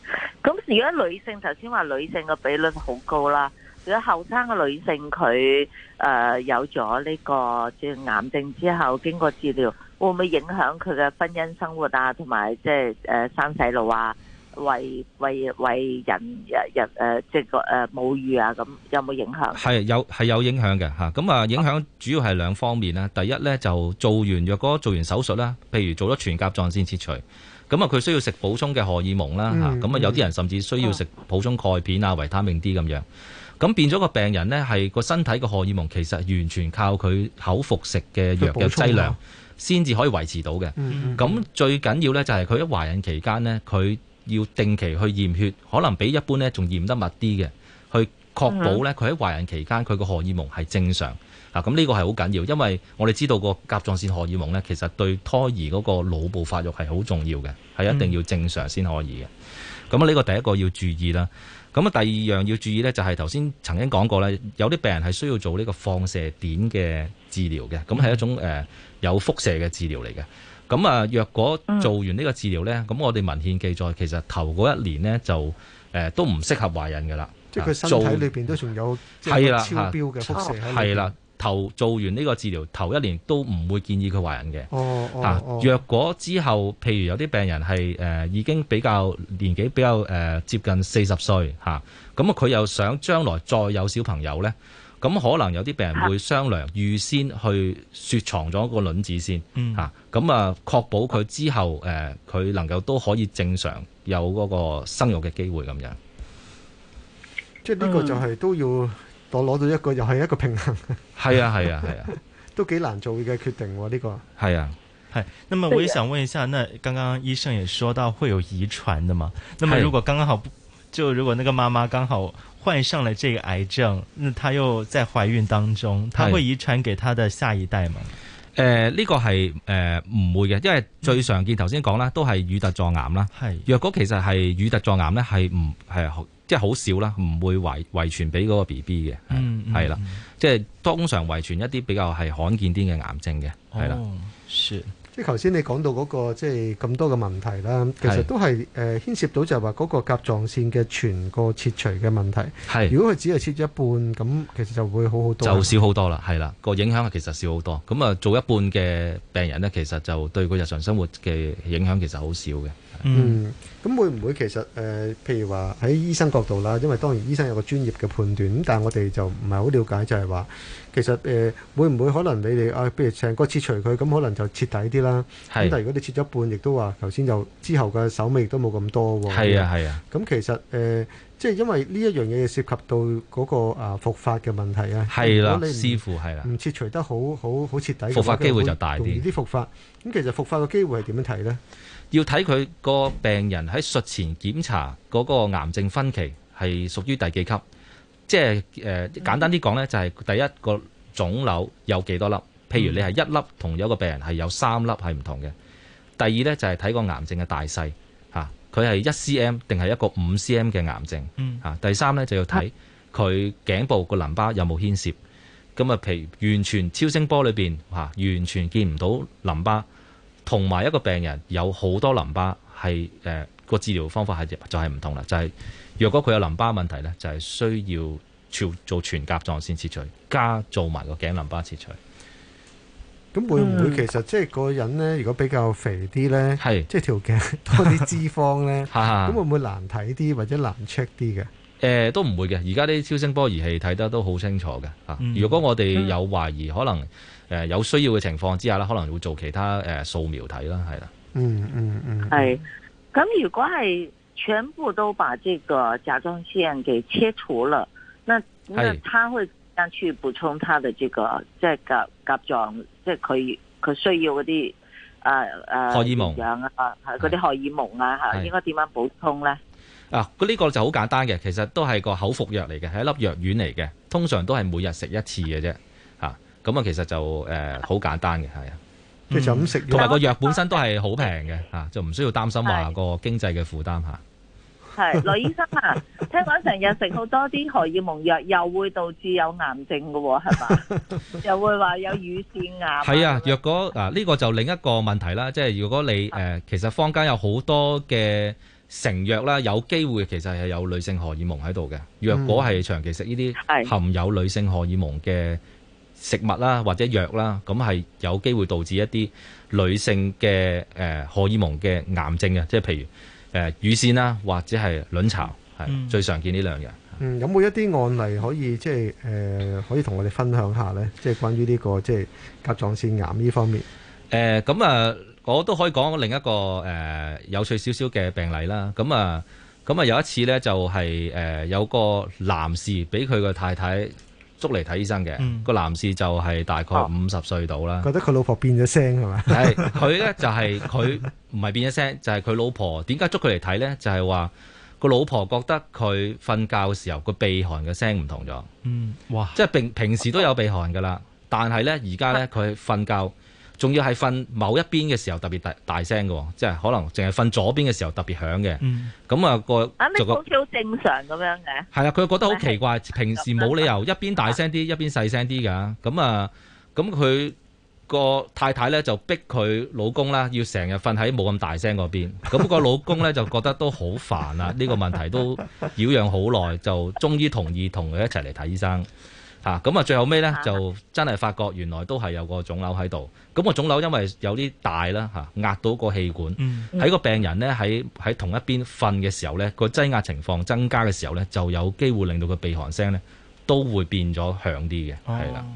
咁如果女性頭先話女性嘅比率好高啦，如果後生嘅女性佢誒、呃、有咗呢、這個即係、這個、癌症之後，經過治療會唔會影響佢嘅婚姻生活啊，同埋即係誒生細路啊？為為為人日誒，即個誒母乳啊，咁有冇影響？係有係有影響嘅吓，咁啊，影響主要係兩方面啦。第一咧就做完若果做完手術啦，譬如做咗全甲狀腺切除，咁啊，佢需要食補充嘅荷爾蒙啦吓，咁、嗯、啊，有啲人甚至需要食補充鈣片、嗯、啊、維他命 D 咁樣，咁變咗個病人咧係個身體嘅荷爾蒙其實完全靠佢口服食嘅藥嘅、啊、劑量先至可以維持到嘅。咁、嗯嗯啊、最緊要咧就係佢喺懷孕期間呢。佢。要定期去驗血，可能比一般咧仲驗得密啲嘅，去確保咧佢喺懷孕期間佢個荷爾蒙係正常啊！咁、這、呢個係好緊要，因為我哋知道個甲狀腺荷爾蒙咧，其實對胎兒嗰個腦部發育係好重要嘅，係一定要正常先可以嘅。咁啊，呢個第一個要注意啦。咁啊，第二樣要注意咧，就係頭先曾經講過咧，有啲病人係需要做呢個放射碘嘅治療嘅，咁係一種誒有輻射嘅治療嚟嘅。咁啊，若果做完呢個治療呢，咁、嗯、我哋文獻記載其實頭嗰一年呢，就、呃、誒都唔適合懷孕㗎啦。即係佢身體裏面都仲有超標嘅輻射係啦，係啦，頭做完呢個治療頭一年都唔會建議佢懷孕嘅、哦哦。啊，若、哦、果之後譬如有啲病人係誒、呃、已經比較年紀比較誒、呃、接近四十歲嚇，咁啊佢又想將來再有小朋友呢咁可能有啲病人會商量，預先去雪藏咗個卵子先，吓、嗯、咁啊，確、啊、保佢之後誒，佢、呃、能夠都可以正常有嗰個生育嘅機會咁樣。即係呢個就係都要我攞到一個又係一個平衡。係啊係啊係啊，啊啊啊 都幾難做嘅決定呢、這個。係啊係。咁啊，啊那麼我想問一下，那剛剛醫生也說到會有遺傳嘅嘛？咁啊，如果剛剛好不就如果那個媽媽剛好患上了這個癌症，那她又在懷孕當中，她會遺傳給她的下一代嗎？誒，呢、呃這個係誒唔會嘅，因為最常見頭先講啦，都係乳突狀癌啦。係，若果其實係乳突狀癌咧，係唔係即係好少啦，唔會遺遺傳俾嗰個 B B 嘅，係、嗯、啦、嗯嗯，即係通常遺傳一啲比較係罕見啲嘅癌症嘅，係、哦、啦。是。是即係頭先你講到嗰個即係咁多嘅問題啦，其實都係誒牽涉到就係話嗰個甲狀腺嘅全個切除嘅問題。係，如果佢只係切咗一半，咁其實就會好好多，就少好多啦，係啦，個影，影響其實少好多。咁啊，做一半嘅病人咧，其實就對個日常生活嘅影響其實好少嘅。嗯，咁會唔會其實誒、呃，譬如話喺醫生角度啦，因為當然醫生有個專業嘅判斷，咁但係我哋就唔係好了解就，就係話其實誒、呃、會唔會可能你哋啊，譬如成個切除佢，咁可能就徹底啲啦。咁、啊、但如果你切咗半，亦都話頭先又之後嘅手尾亦都冇咁多喎。係啊係啊，咁、啊嗯、其實誒、呃，即係因為呢一樣嘢涉及到嗰個啊復發嘅問題啊。係啦，你似乎係啦，唔、啊、切除得好好好，好徹底嘅話，復發機會就大啲，容易啲復發。咁其實復發嘅機會係點樣睇咧？要睇佢個病人喺術前檢查嗰個癌症分期係屬於第幾級？即係、呃、簡單啲講呢，就係、是、第一個腫瘤有幾多粒？譬如你係一粒，同有個病人係有三粒係唔同嘅。第二呢，就係、是、睇個癌症嘅大細，佢係一 cm 定係一個五 cm 嘅癌症，啊、第三呢，就要睇佢頸部個淋巴有冇牽涉，咁啊譬如完全超聲波裏面、啊，完全見唔到淋巴。同埋一個病人有好多淋巴，係、呃、個治療方法就係唔同啦。就係、係、若果佢有淋巴問題呢，就係、係、需要做全甲狀腺切除，加做埋個頸淋巴切除。咁會唔會其實即係個人呢？如果比較肥啲呢，即係條頸多啲脂肪呢，咁 會唔會難睇啲或者難 check 啲嘅？誒、呃、都唔會嘅。而家啲超聲波儀器睇得都好清楚嘅、嗯。如果我哋有懷疑，嗯、可能。誒、呃，有需要嘅情況之下咧，可能會做其他誒掃、呃、描睇啦，係啦。嗯嗯嗯。係、嗯，咁、嗯、如果係全部都把這個甲狀腺給切除了，那那他會要去補充他的這個即、這個甲，甲狀即係佢需要嗰啲誒誒荷爾蒙。樣啊，嗰啲荷爾蒙啊，吓應該點樣補充呢？啊，佢、這、呢個就好簡單嘅，其實都係個口服藥嚟嘅，係一粒藥丸嚟嘅，通常都係每日食一次嘅啫。咁啊、呃嗯，其實就誒好簡單嘅，係啊，咁食，同埋個藥本身都係好平嘅嚇，就唔需要擔心話個經濟嘅負擔嚇。係羅醫生啊， 聽講成日食好多啲荷爾蒙藥，又會導致有癌症㗎喎、哦，係嘛？ 又會話有乳腺癌、啊。係啊，若果嗱呢、啊呢個就另一個問題啦，即係如果你誒、呃、其實坊間有好多嘅成藥啦，有機會其實係有女性荷爾蒙喺度嘅。若果係長期食呢啲含有女性荷爾蒙嘅食物啦，或者藥啦，咁係有機會導致一啲女性嘅誒荷爾蒙嘅癌症呀，即係譬如誒乳腺啦，或者係卵巢，係最常見呢兩樣。嗯，有冇一啲案例可以即係誒可以同我哋分享下咧？即係關於呢個即係甲狀腺癌呢方面？誒，咁啊，我都可以講另一個誒有趣少少嘅病例啦。咁啊，咁啊有一次咧，就係誒有個男士俾佢嘅太太捉嚟睇醫生嘅，個、嗯、男士就係大概五十歲到啦、啊。覺得佢老婆變咗聲係咪？係佢咧就係佢唔係變咗聲，就係、是、佢 老婆點解捉佢嚟睇咧？就係話個老婆覺得佢瞓覺嘅時候個鼻鼾嘅聲唔同咗。嗯，哇！即、就、係、是、平平時都有鼻鼾噶啦，但係咧而家咧佢瞓覺。仲要係瞓某一邊嘅時候特別大大聲嘅，即係可能淨係瞓左邊嘅時候特別響嘅。咁、嗯、啊、嗯個，啊你好似好正常咁樣嘅。係啊，佢覺得好奇怪，是是平時冇理由一邊大聲啲，一邊細聲啲噶。咁啊，咁佢、個太太咧就逼佢老公咧要成日瞓喺冇咁大聲嗰邊。咁 個老公咧就覺得都好煩啊，呢 個問題都擾攘好耐，就終於同意同佢一齊嚟睇醫生。嚇咁啊！最後尾咧、啊、就真係發覺原來都係有個腫瘤喺度。咁、個腫瘤因為有啲大啦嚇、啊，壓到個氣管。喺、嗯嗯、個病人咧喺喺同一邊瞓嘅時候咧，個擠壓情況增加嘅時候咧，就有機會令到個鼻鼾聲咧都會變咗響啲嘅。係、啊、啦，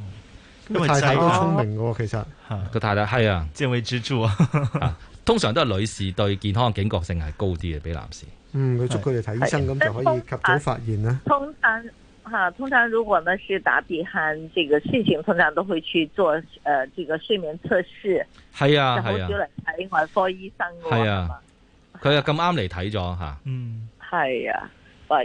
因為太，太聰明嘅喎，其實嚇太太叻係啊，知唔知做啊？通常都係女士對健康嘅警覺性係高啲嘅比男士。嗯，佢捉佢哋睇醫生咁就可以及早發現啦。通訊。通通常如果呢是打鼻鼾，這個事情通常都會去做，誒、呃，這個睡眠測試。係啊，係啊。就好少嚟睇外科醫生。係啊，佢又咁啱嚟睇咗吓。嗯，係啊，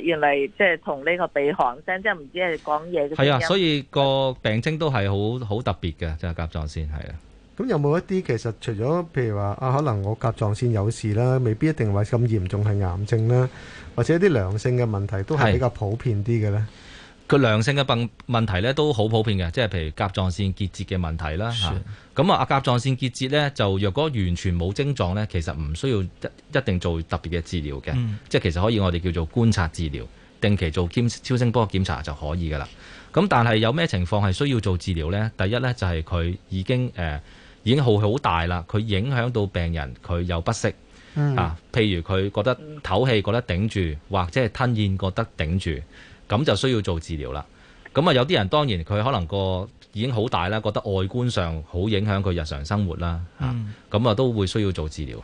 原來即係同呢個鼻鼾聲，即係唔知係講嘢。係啊，所以個病徵都係好好特別嘅，就係甲狀腺係啊。咁有冇一啲其實除咗譬如話啊，可能我甲狀腺有事啦，未必一定話咁嚴重係癌症啦，或者啲良性嘅問題都係比較是普遍啲嘅咧？佢良性嘅病問題咧都好普遍嘅，即係譬如甲狀腺結節嘅問題啦嚇。咁啊，甲狀腺結節咧就若果完全冇症狀咧，其實唔需要一一定做特別嘅治療嘅、嗯，即係其實可以我哋叫做觀察治療，定期做超聲聲波檢查就可以噶啦。咁但係有咩情況係需要做治療咧？第一咧就係佢已經誒、呃、已經好好大啦，佢影響到病人，佢又不適、嗯、啊。譬如佢覺得唞氣覺得頂住，或者係吞咽覺得頂住。咁就需要做治療啦。咁啊，有啲人當然佢可能個已經好大啦，覺得外觀上好影響佢日常生活啦。嚇、嗯，咁啊都會需要做治療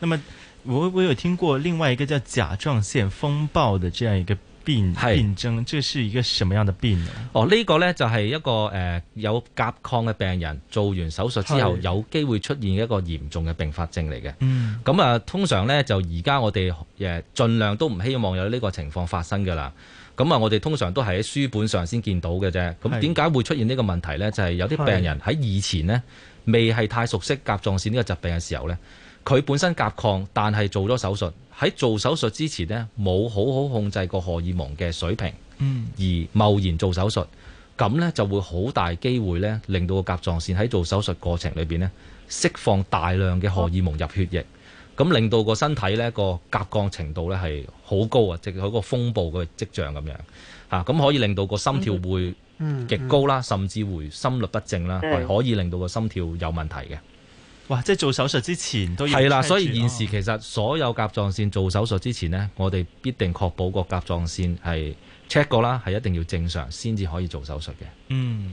係。咁我有聽過另外一個叫甲狀腺風暴的這樣一個病病症，這是一個什麼樣的病？哦，呢、這個咧就係一個誒有甲亢嘅病人做完手術之後有機會出現一個嚴重嘅併發症嚟嘅。咁、嗯、啊，通常咧就而家我哋誒盡量都唔希望有呢個情況發生㗎啦。咁啊，我哋通常都係喺書本上先見到嘅啫。咁點解會出現呢個問題呢？就係、是、有啲病人喺以前呢，未係太熟悉甲狀腺呢個疾病嘅時候呢，佢本身甲亢，但係做咗手術。喺做手術之前呢，冇好好控制個荷爾蒙嘅水平，而貿然做手術，咁呢，就會好大機會呢，令到個甲狀腺喺做手術過程裏面呢，釋放大量嘅荷爾蒙入血液。咁令到個身體咧個甲亢程度咧係好高啊，即係佢個風暴嘅跡象咁樣嚇，咁可以令到個心跳會極高啦、嗯嗯，甚至會心律不正啦，嗯、可以令到個心跳有問題嘅。哇！即係做手術之前都要係啦，所以現時其實所有甲狀腺做手術之前咧，我哋必定確保個甲狀腺係 check 過啦，係一定要正常先至可以做手術嘅。嗯。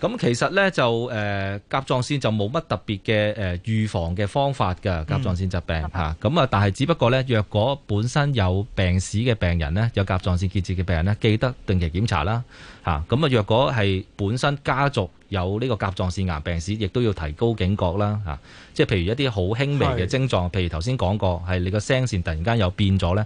咁其實咧就誒甲狀腺就冇乜特別嘅誒預防嘅方法㗎，甲狀腺疾病吓，咁啊、嗯！但係只不過咧，若果本身有病史嘅病人咧，有甲狀腺結節嘅病人咧，記得定期檢查啦吓。咁啊，若果係本身家族有呢個甲狀腺癌病史，亦都要提高警覺啦吓。即係譬如一啲好輕微嘅症狀，譬如頭先講過係你個聲線突然間又變咗咧，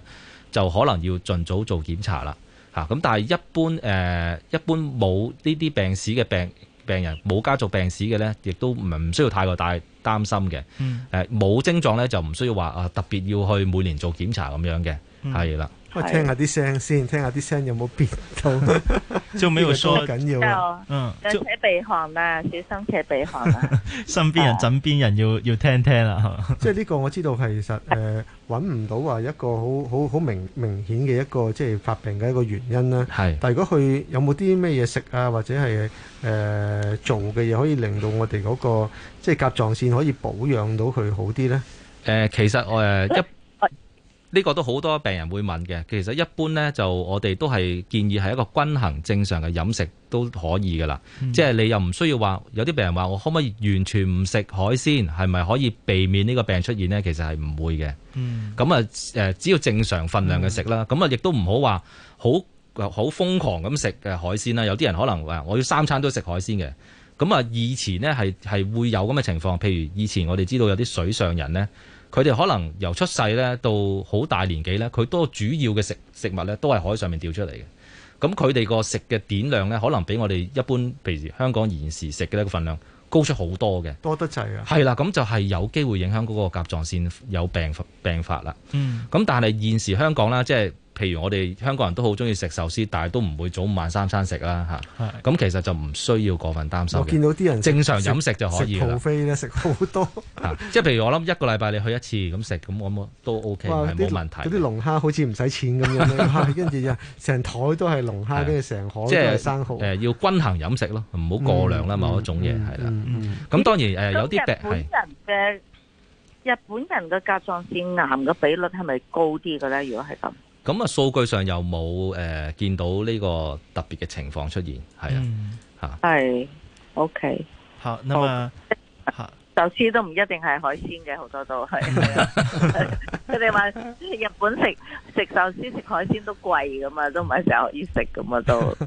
就可能要儘早做檢查啦。嚇，咁但係一般誒、呃，一般冇呢啲病史嘅病病人，冇家族病史嘅咧，亦都唔唔需要太過大擔心嘅。誒，冇、嗯、症狀咧，就唔需要話啊特別要去每年做檢查咁樣嘅，係、嗯、啦。我聽下啲聲先，聽下啲聲有冇變到？就尾會縮緊要啊！嗯，要扯鼻鼾啦，小心扯鼻鼾啦。身邊人、枕邊人要要聽聽啦，係嘛？即係呢個我知道，其實誒搵唔到話一個好好好明明顯嘅一個即係發病嘅一個原因啦。係。但係如果佢有冇啲咩嘢食啊，或者係誒做嘅嘢可以令到我哋嗰個即係甲狀腺可以保養到佢好啲咧？誒，其實我誒一。呢、這個都好多病人會問嘅，其實一般呢，就我哋都係建議係一個均衡正常嘅飲食都可以㗎啦、嗯。即係你又唔需要話有啲病人話我可唔可以完全唔食海鮮，係咪可以避免呢個病出現呢？其實係唔會嘅。咁、嗯、啊，只要正常分量嘅食啦，咁啊亦都唔好話好好瘋狂咁食嘅海鮮啦。有啲人可能話我要三餐都食海鮮嘅。咁啊以前呢係係會有咁嘅情況，譬如以前我哋知道有啲水上人呢。佢哋可能由出世咧到好大年紀咧，佢多主要嘅食食物咧都係海上面掉出嚟嘅。咁佢哋個食嘅點量咧，可能比我哋一般譬如香港現時食嘅呢個份量高出好多嘅。多得滯啊！係啦，咁就係有機會影響嗰個甲狀腺有病病發啦。嗯。咁但係現時香港呢，即係。譬如我哋香港人都好中意食壽司，但係都唔會早晚三餐食啦嚇。咁其實就唔需要過分擔心。我見到啲人正常飲食就可以食土飛咧，食好多。嚇，即係譬如我諗一個禮拜你去一次咁食，咁我諗都 OK，係冇問題。嗰啲龍蝦好似唔使錢咁樣，跟住又成台都係龍蝦，跟住成海都係生蠔。誒要均衡飲食咯，唔好過量啦，某一種嘢係啦。咁當然誒有啲病係。日本人嘅日本人嘅甲狀腺癌嘅比率係咪高啲嘅咧？如果係咁。咁啊，數據上又冇誒見到呢個特別嘅情況出現，係啊，嚇係，OK。嚇，咁啊，壽司都唔一定係海鮮嘅，好多都係。佢哋話日本食食壽司食海鮮都貴㗎嘛，都唔係成日可以食㗎嘛都。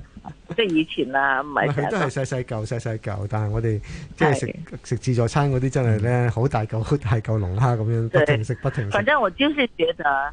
即係以前啊，唔係。佢都係細細嚿細細嚿，但係我哋即係食食自助餐嗰啲真係咧，好大嚿好大嚿龍蝦咁樣，不停食不停食。反正我就是覺得。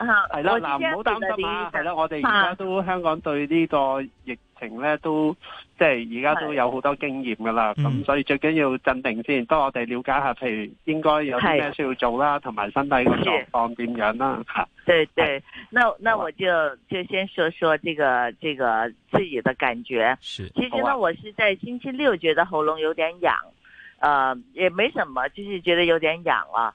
係、啊、啦，嗱，唔好擔心啦。係啦，我哋而家都香港對呢個疫情咧，都即係而家都有好多經驗噶啦，咁所以最緊要鎮定先，等我哋了解下，譬如應該有啲咩需要做啦，同埋身體個狀況點樣啦，吓、啊。對對，對，那那我就就先說說這個這個自己的感覺。是。其實呢、啊，我是在星期六覺得喉嚨有點癢，呃，也沒什麼，就是覺得有點癢啦、啊。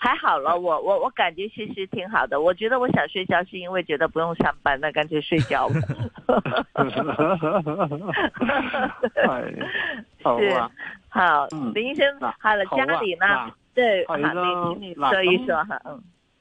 還好了，我我我感覺其實挺好的。我覺得我想睡覺，是因為覺得不用上班，那乾脆睡覺。係， 好啊，好、嗯，林醫生，好了家裏呢，即係麻煩請你，你,你說一說哈。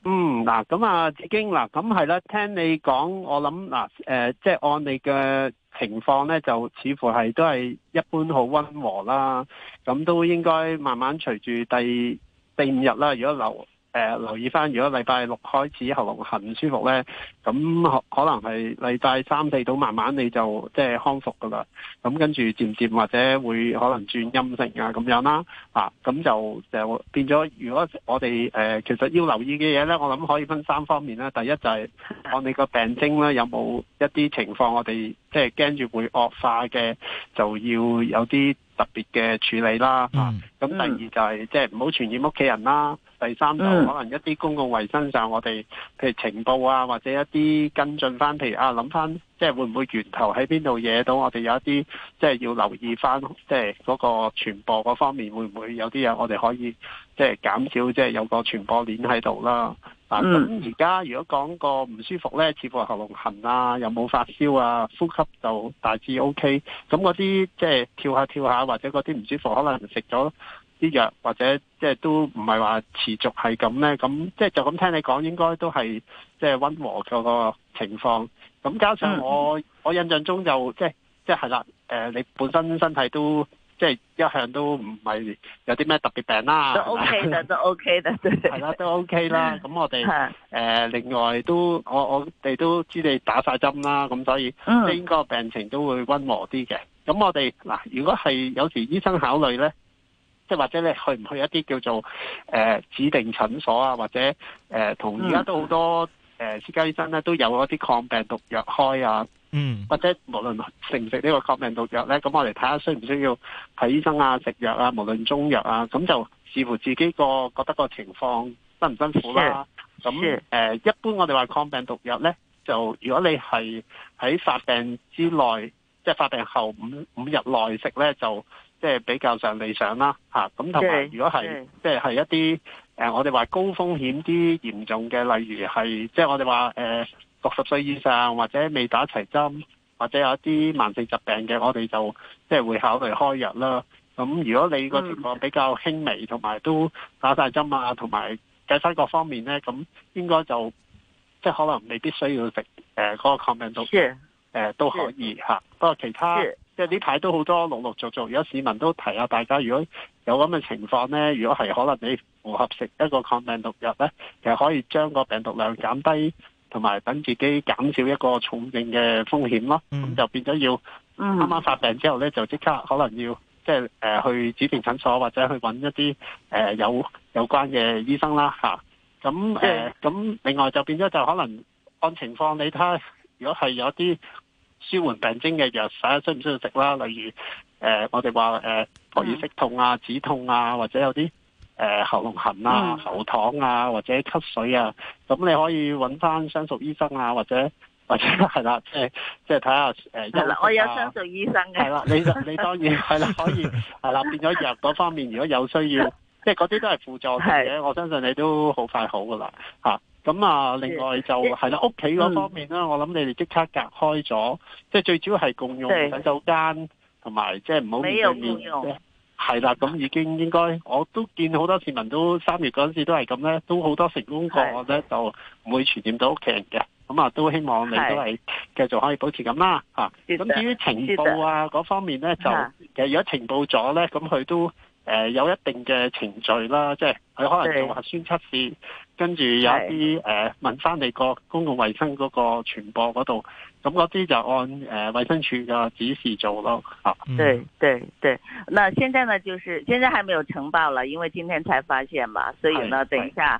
嗯嗱，咁、嗯、啊，紫荊嗱，咁係、嗯、啦，聽你講，我諗嗱，誒、呃，即、呃、係、就是、按你嘅情況咧，就似乎係都係一般好温和啦，咁都應該慢慢隨住第。四五日啦，如果留誒、呃，留意翻，如果禮拜六開始喉嚨痕唔舒服咧，咁可能係禮拜三四到慢慢你就即係康復噶啦。咁跟住漸漸或者會可能轉陰性啊，咁樣啦，啊，咁就就變咗。如果我哋誒、呃，其實要留意嘅嘢咧，我諗可以分三方面啦。第一就係我哋個病徵咧，有冇一啲情況我，我哋即係驚住會惡化嘅，就要有啲特別嘅處理啦。咁、嗯啊、第二就係、是、即係唔好傳染屋企人啦。第三就可能一啲公共衛生上我，我哋譬如情報啊，或者一啲跟進翻，譬如啊諗翻，即係會唔會源頭喺邊度惹到我哋有一啲，即係要留意翻，即係嗰個傳播嗰方面會唔會有啲嘢我哋可以，即係減少即係有個傳播鏈喺度啦。啊，咁而家如果講個唔舒服咧，似乎喉嚨痕啊，有冇發燒啊，呼吸就大致 OK。咁嗰啲即係跳下跳下，或者嗰啲唔舒服，可能食咗啲藥或者即係都唔係話持續係咁咧，咁即係就咁聽你講，應該都係即係温和個個情況。咁加上我、嗯、我印象中就即係即係係啦，誒、呃、你本身身體都即係一向都唔係有啲咩特別病啦，都 OK 的，都 OK 的，係啦都 OK 啦。咁我哋誒、呃、另外都我我哋都知你打晒針啦，咁所以、嗯、應該病情都會温和啲嘅。咁我哋嗱、呃，如果係有時醫生考慮咧。即係或者你去唔去一啲叫做誒、呃、指定診所啊，或者誒同而家都好多誒、呃、私家醫生咧都有嗰啲抗病毒藥開啊。嗯。或者無論食唔食呢個抗病毒藥咧，咁我哋睇下需唔需要睇醫生啊、食藥啊，無論中藥啊，咁就視乎自己個覺得個情況辛唔辛苦啦、啊。咁、yeah. 誒、yeah. 呃，一般我哋話抗病毒藥咧，就如果你係喺發病之內，即、就、係、是、發病後五五日內食咧，就。即係比較上理想啦，吓，咁同埋如果係、okay. 即係係一啲誒，我哋話高風險啲嚴重嘅，例如係即係我哋話誒六十歲以上或者未打齊針或者有一啲慢性疾病嘅，我哋就即係會考慮開藥啦。咁如果你個情況比較輕微，同、mm. 埋都打晒針啊，同埋計翻各方面咧，咁應該就即係可能未必需要食誒嗰個抗病毒藥誒都可以吓，yeah. 不過其他。Yeah. 即係呢排都好多陸陸續續，而家市民都提啊，大家如果有咁嘅情況咧，如果係可能你符合食一個抗病毒藥咧，其實可以將個病毒量減低，同埋等自己減少一個重症嘅風險咯。咁、嗯、就變咗要啱啱、嗯、發病之後咧，就即刻可能要即係誒去指定診所或者去揾一啲誒、呃、有有關嘅醫生啦嚇。咁、啊、誒，咁、嗯呃、另外就變咗就可能按情況，你睇如果係有啲。舒緩病徵嘅藥，睇下需唔需要食啦。例如，誒、呃，我哋話誒，可以撲熱息痛啊、止痛啊，或者有啲誒、呃、喉嚨痕啊、喉糖啊，或者咳水啊。咁、嗯、你可以揾翻相熟醫生啊，或者或者係啦、呃，即係即係睇下誒。我有相熟醫生嘅。係啦，你你當然係啦，可以係啦。變咗藥嗰方面，如果有需要， 即係嗰啲都係輔助性嘅。我相信你都好快好噶啦，吓、啊。咁啊，另外就係啦，屋企嗰方面啦、嗯。我諗你哋即刻隔開咗，即係最主要係共用洗手間同埋即係唔好面對面係啦，咁已經應該我都見好多市民都三月嗰陣時都係咁咧，都好多成功過咧，就唔會傳染到屋企人嘅。咁啊，都希望你都係繼續可以保持咁啦吓，咁、啊、至於情報啊嗰方面咧，就其實如果情報咗咧，咁佢都誒、呃、有一定嘅程序啦，即係佢可能做核酸測試。跟住有一啲誒、呃、問翻你個公共衛生嗰個傳播嗰度，咁嗰啲就按誒衛生署嘅指示做咯。吓、嗯，對對對，那現在呢，就是現在還沒有呈報啦，因為今天才發現嘛，所以呢，等一下。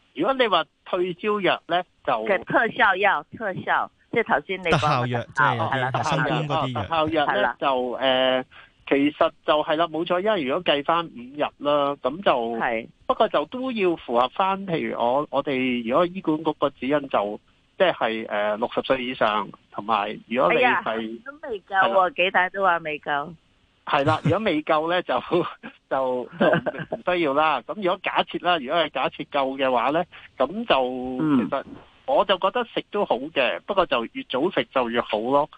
如果你話退燒藥咧，就特效藥，特效即係頭先你特效藥，係啦，特效藥特效藥咧就誒、呃，其實就係、是、啦，冇錯。因為如果計翻五日啦，咁就係，不過就都要符合翻。譬如我我哋如果醫管局個指引就即係誒六十歲以上，同埋如果你係、哎、都未夠，幾大都話未夠。係 啦，如果未夠咧，就就唔需要啦。咁如果假設啦，如果係假設夠嘅話咧，咁就其實我就覺得食都好嘅，不過就越早食就越好咯。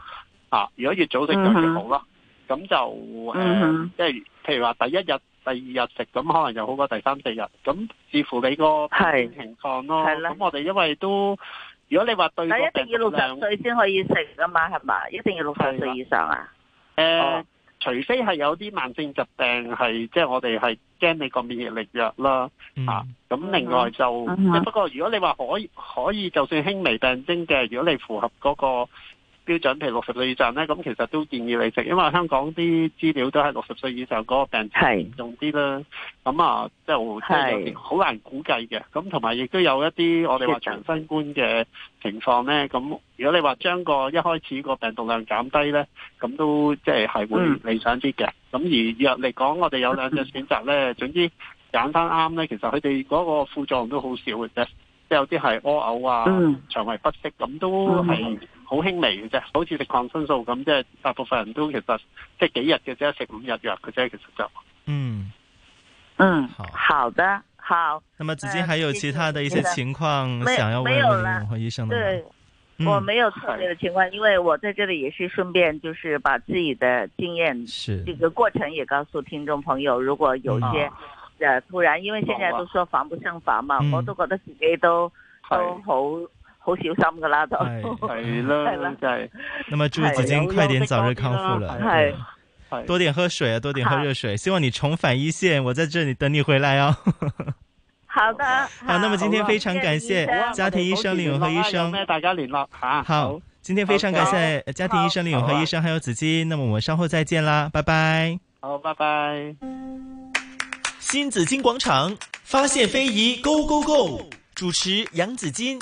啊，如果越早食就越好咯。咁、mm -hmm. 就即係、呃 mm -hmm. 譬如話第一日、第二日食，咁可能就好過第三四日。咁視乎你個情況咯。係啦。咁我哋因為都，如果你話對一，一定要六十歲先可以食噶嘛？係咪？一定要六十歲以上啊？誒。呃哦除非係有啲慢性疾病係，即係、就是、我哋係驚你個免疫力弱啦，咁、嗯啊、另外就、嗯，不過如果你話可可以，可以就算輕微病徵嘅，如果你符合嗰個標準，譬如六十歲以上咧，咁其實都建議你食，因為香港啲資料都係六十歲以上嗰、那個病嚴重啲啦。咁啊，即係好難估計嘅。咁同埋亦都有一啲我哋話長新冠嘅情況咧。咁如果你話將個一開始個病毒量減低咧，咁都即係係會理想啲嘅。咁、嗯、而藥嚟講，我哋有兩隻選擇咧，總之揀翻啱咧，其實佢哋嗰個副作用都好少嘅啫，即、就是、有啲係屙嘔啊、嗯、腸胃不適，咁都係。嗯好輕微嘅啫，好似食抗生素咁，即係大部分人都其實即係幾日嘅啫，食五日藥嘅啫，其實就嗯嗯好好的好。那麼子矜還有其他的一些情況想要問呢、嗯、醫生嗎？對，我沒有特別的情況，因為我在這裏也是順便，就是把自己的經驗是這個過程也告訴聽眾朋友。如果有些嘅、嗯啊、突然，因為現在都說防不勝防嘛、嗯嗯，我都覺得自己都都好。好小心噶啦，都係 是啦，咁 就，那麼祝子矜快點早日康復啦，係、啊，多點喝水啊，多點喝熱水，喝水，啊喝熱水，希望你重返一線，我在這裏等你回來哦。 好的，好，好，那麼今天非常感謝家庭醫生林永和醫生，啊、大家聯絡吓、啊。好，今天非常感謝家庭醫生林永、啊啊、和醫生，還有子矜，那麼我們稍後再見啦，拜拜。好，拜、啊、拜。新紫荊廣場發現非遺，Go Go Go！主持楊子矜。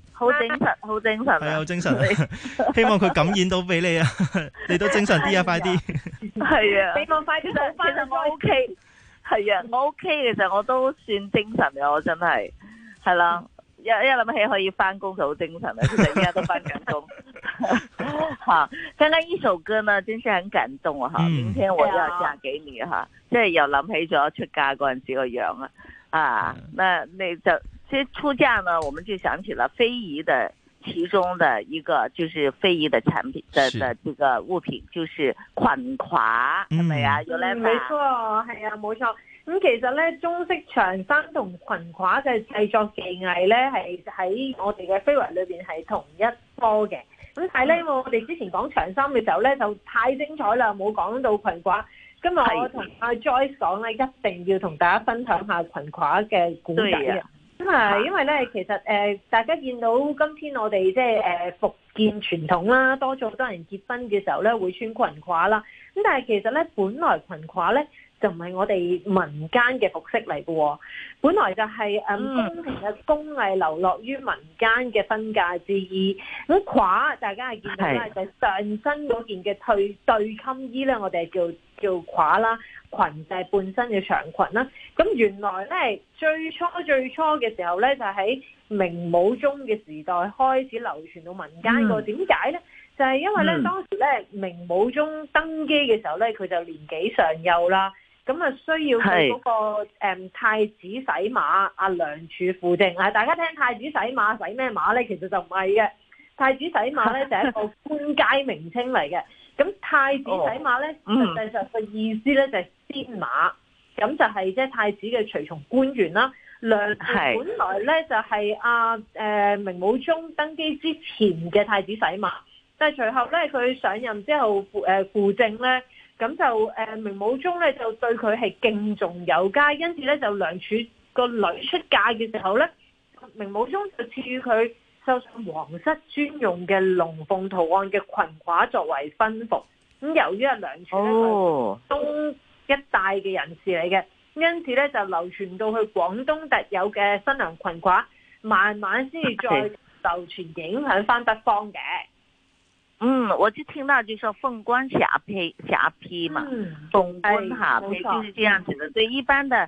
好精神，好精神、啊，係好、啊、精神、啊。希望佢感染到俾你啊， 你都精神啲啊， 啊，快啲。係啊，希望快啲好翻。其實我 OK，係啊，我 OK。其實我都算精神嘅、啊，我真係，係啦、啊。一一諗起可以翻工就好精神啊！大 家都翻緊工。好，剛剛一首歌呢，真係很感動啊！哈、嗯，明天我要嫁給你哈、啊，即係又諗起咗出嫁嗰陣時個樣啊。啊，咩、啊？啊、你就。其實出嫁呢，我們就想起了非遺的其中的一個，就是非遺的產品的的這個物品，就是裙褂，係、嗯、咪、嗯嗯、啊？有冇喎，係、嗯、啊，冇錯。咁其實呢，中式長衫同裙褂嘅製作技藝呢，係喺我哋嘅非遺裏邊係同一科嘅。咁但係咧，嗯、因為我哋之前講長衫嘅時候呢，就太精彩啦，冇講到裙褂。今日我同阿、啊、Joyce 講呢，一定要同大家分享一下裙褂嘅故事。咁啊，因為咧，其實誒、呃，大家見到今天我哋即係誒復建傳統啦，多咗好多人結婚嘅時候咧，會穿裙褂啦。咁但係其實咧，本來裙褂咧就唔係我哋民間嘅服飾嚟嘅、啊，本來就係誒宮廷嘅工藝流落於民間嘅婚嫁之衣。咁褂大家係見到咧，就係上身嗰件嘅退對襟衣咧，我哋係叫叫褂啦。裙就係、是、半身嘅長裙啦，咁原來咧，最初最初嘅時候咧，就喺明武宗嘅時代開始流傳到民間個，點解咧？就係、是、因為咧、嗯、當時咧，明武宗登基嘅時候咧，佢就年紀尚幼啦，咁啊需要佢、那、嗰個是、嗯、太子洗馬，阿、啊、梁柱輔正。係、啊、大家聽太子洗馬洗咩馬咧？其實就唔係嘅，太子洗馬咧就係、是、一個官階名稱嚟嘅。 咁太子洗馬咧，oh. mm -hmm. 實際上嘅意思咧就係先馬，咁就係即係太子嘅隨從官員啦。梁柱本來咧就係阿誒明武宗登基之前嘅太子洗馬，但係隨後咧佢上任之後誒輔、呃、輔政咧，咁就誒明武宗咧就對佢係敬重有加，因此咧就梁柱個女出嫁嘅時候咧，明武宗就賜予佢。繡上皇室專用嘅龍鳳圖案嘅裙褂作為婚服，咁由於係兩處咧，東一帶嘅人士嚟嘅，哦，因此咧就流傳到去廣東特有嘅新娘裙褂，慢慢先至再流傳影響翻北方嘅。嗯，我就聽到就說鳳冠霞帔，霞帔嘛，鳳冠霞帔就是這樣子嘅，對一般的。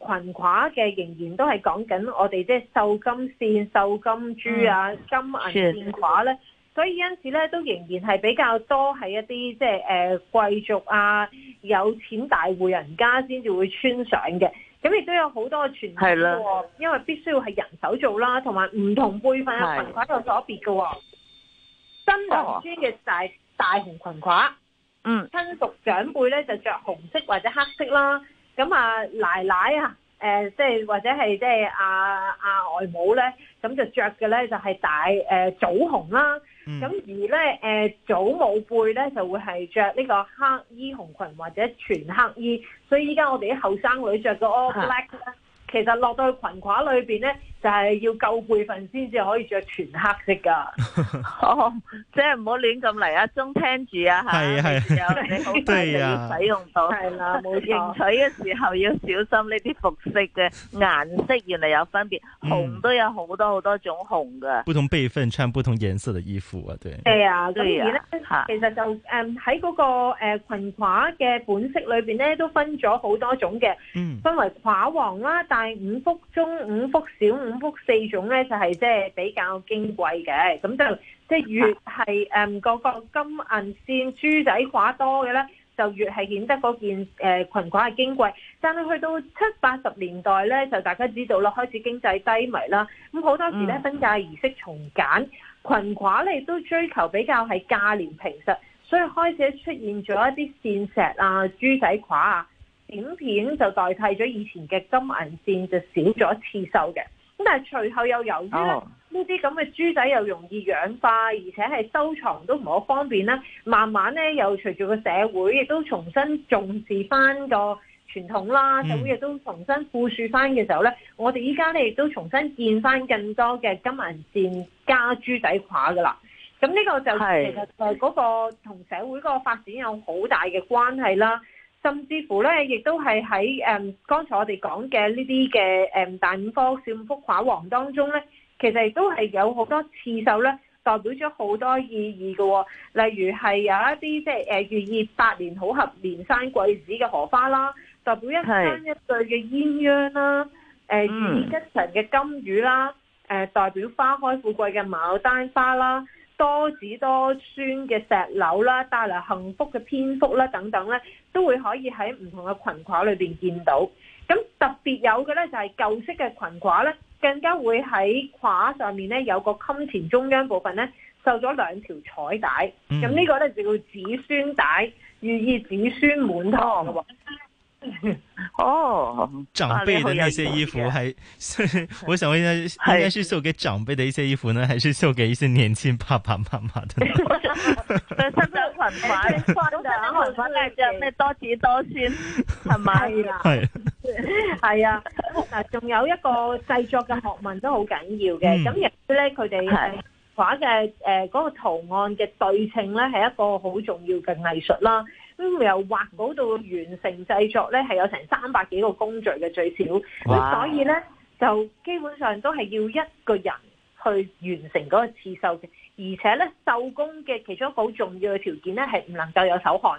裙褂嘅仍然都係講緊我哋即係繡金線、繡金珠啊、嗯、金銀線褂咧、啊，所以因此咧都仍然係比較多係一啲即係誒貴族啊、有錢大戶人家先至會穿上嘅，咁亦都有好多傳統嘅、哦，因為必須要係人手做啦，同埋唔同輩份嘅裙褂有咗別嘅。新人穿嘅就係大紅裙褂，嗯，親屬長輩咧就着紅色或者黑色啦。咁啊奶奶啊，誒即係或者係即係阿阿外母咧，咁就着嘅咧就係大誒棗、呃、紅啦。咁、嗯、而咧誒、呃、祖母輩咧就會係着呢個黑衣紅裙或者全黑衣，所以依家我哋啲後生女着個 all black 咧、啊，其實落到去裙褂裏邊咧。就係、是、要夠輩份先至可以着全黑色噶、 哦，即係唔好亂咁嚟啊！中聽住啊，係啊，對啊，使用到係啦，冇 對、啊、 認取嘅時候要小心呢啲服飾嘅顏色，原嚟有分別、嗯，紅都有好多好多種紅噶、嗯。不同輩份穿不同顏色嘅衣服啊，對。係啊，咁而、啊、其實就誒喺嗰個誒裙褂嘅款式裏邊咧，都分咗好多種嘅，分為褂黃啦、大、嗯、五福中、中五福小五、小。四種咧，就係即係比較矜貴嘅，咁就即係越係誒、嗯、個金銀線珠仔掛多嘅咧，就越係顯得嗰件誒裙褂係矜貴。但係去到七八十年代咧，就大家知道啦，開始經濟低迷啦，咁好多時咧婚嫁儀式重簡，裙褂咧亦都追求比較係價廉平實，所以開始出現咗一啲線石啊、珠仔掛啊、閃片就代替咗以前嘅金銀線，就少咗刺繡嘅。咁但係隨後又由於呢啲咁嘅珠仔又容易氧化，而且係收藏都唔係好方便啦。慢慢咧又隨住個社會亦都重新重視翻個傳統啦，社會亦都重新富庶翻嘅時候咧、嗯，我哋依家咧亦都重新見翻更多嘅金銀線加珠仔褂嘅啦。咁呢個就其實誒嗰個同社會嗰個發展有好大嘅關係啦。甚至乎咧，亦都係喺誒，剛才我哋講嘅呢啲嘅誒大五福、小五福、畫王當中咧，其實亦都係有好多刺繡咧，代表咗好多意義嘅、哦。例如係有一啲即係誒寓意百年好合、連山貴子連生貴子嘅荷花啦，代表一生一對嘅鴛鴦啦，誒寓意吉祥嘅金魚啦，誒、呃、代表花開富貴嘅牡丹花啦。多子多孫嘅石榴啦，帶嚟幸福嘅蝙蝠啦，等等咧，都會可以喺唔同嘅裙褂裏面見到。咁特別有嘅咧，就係舊式嘅裙褂咧，更加會喺褂上面咧有個襟前中央部分咧，繡咗兩條彩帶。咁、嗯、呢、呢個咧就叫子孫帶，寓意子孫滿堂。 哦，長輩嘅那些衣服還，還、啊、 我想問一下，應該是送給長輩的一些衣服呢，還是送給一些年輕爸爸媽媽的？對新娘裙褂，新娘裙褂就咩多子多孫係咪？係係啊，嗱，仲 是吧 有一個製作嘅學問都好緊要嘅。咁亦都咧，佢哋畫嘅誒嗰個圖案嘅對稱咧，係一個好重要嘅藝術啦。咁由畫稿到完成製作咧，係有成三百幾個工序嘅最少。咁、wow. 所以咧，就基本上都係要一個人去完成嗰個刺繡嘅，而且咧，繡工嘅其中好重要嘅條件咧，係唔能夠有手汗。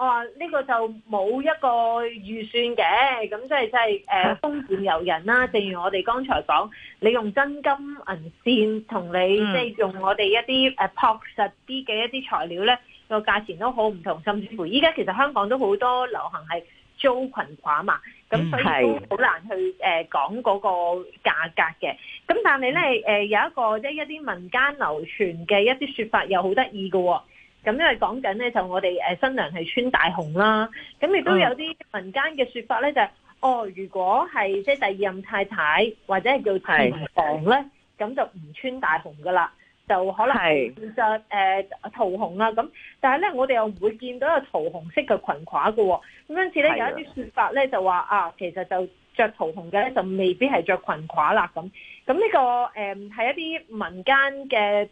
我、哦、呢、這個就冇一個預算嘅，咁即係即係誒風卷遊人豐儉由人啦、啊。正如我哋剛才講，你用真金銀線同你、嗯、即係用我哋一啲誒樸實啲嘅一啲材料咧，個價錢都好唔同。甚至乎依家其實香港都好多流行係租裙褂嘛，咁所以都好難去誒、呃、講嗰個價格嘅。咁但你咧誒、呃、有一個即係一啲民間流傳嘅一啲説法又好得意㗎喎。咁因為講緊咧，就我哋誒新娘係穿大紅啦。咁亦都有啲民間嘅說法咧、就係，就係哦，如果係即係第二任太太或者係叫前房咧，咁就唔穿大紅噶啦，就可能就誒桃紅啦。咁但係咧，我哋又唔會見到有桃紅色嘅裙褂噶。咁因此咧，有一啲說法咧就話啊，其實就着桃紅嘅咧，就未必係着裙褂啦。咁咁呢個誒係一啲民間嘅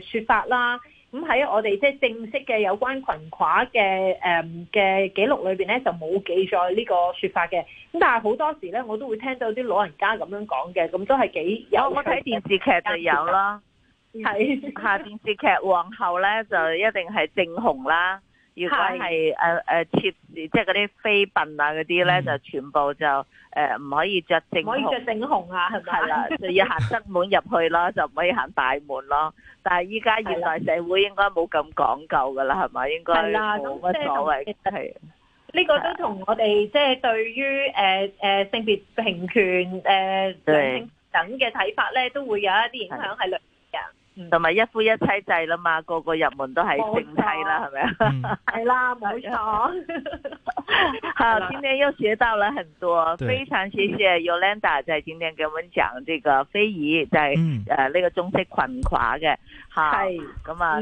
誒說法啦。咁、嗯、喺我哋即係正式嘅有關裙褂嘅誒嘅記錄裏邊咧，就冇記載呢個說法嘅。咁但係好多時咧，我都會聽到啲老人家咁樣講嘅，咁都係幾有趣、哦、我睇電視劇就有啦，睇 下電視劇皇后咧，就一定係正紅啦。如果係誒誒設即係嗰啲妃嬪啊嗰啲咧，就全部就誒唔、呃、可以着正紅，唔可以著正紅啊，係咪？係啦，就要行側門入去咯， 就唔可以行大門咯。但係依家現代社會應該冇咁講究噶啦，係咪？應該冇乜所謂。係啊，呢、呢個都同我哋即係對於誒誒、呃、性別平權誒、呃、等嘅睇法咧，都會有一啲影響係同、嗯、埋一夫一妻制啦嘛，個個入門都係正妻啦，係咪啊？係啦，冇錯。 好、嗯、今天又學到了很多，非常謝謝 Yolanda 在今天跟我們講這個非遺，就是，在、嗯、誒，呢、呃這個中式裙褂嘅。係。咁、嗯、啊，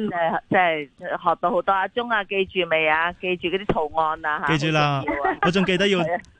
即係真係學到好多。阿、嗯、鐘啊，記住未啊？記住嗰啲圖案啊吓。記住啦，我仲記得要。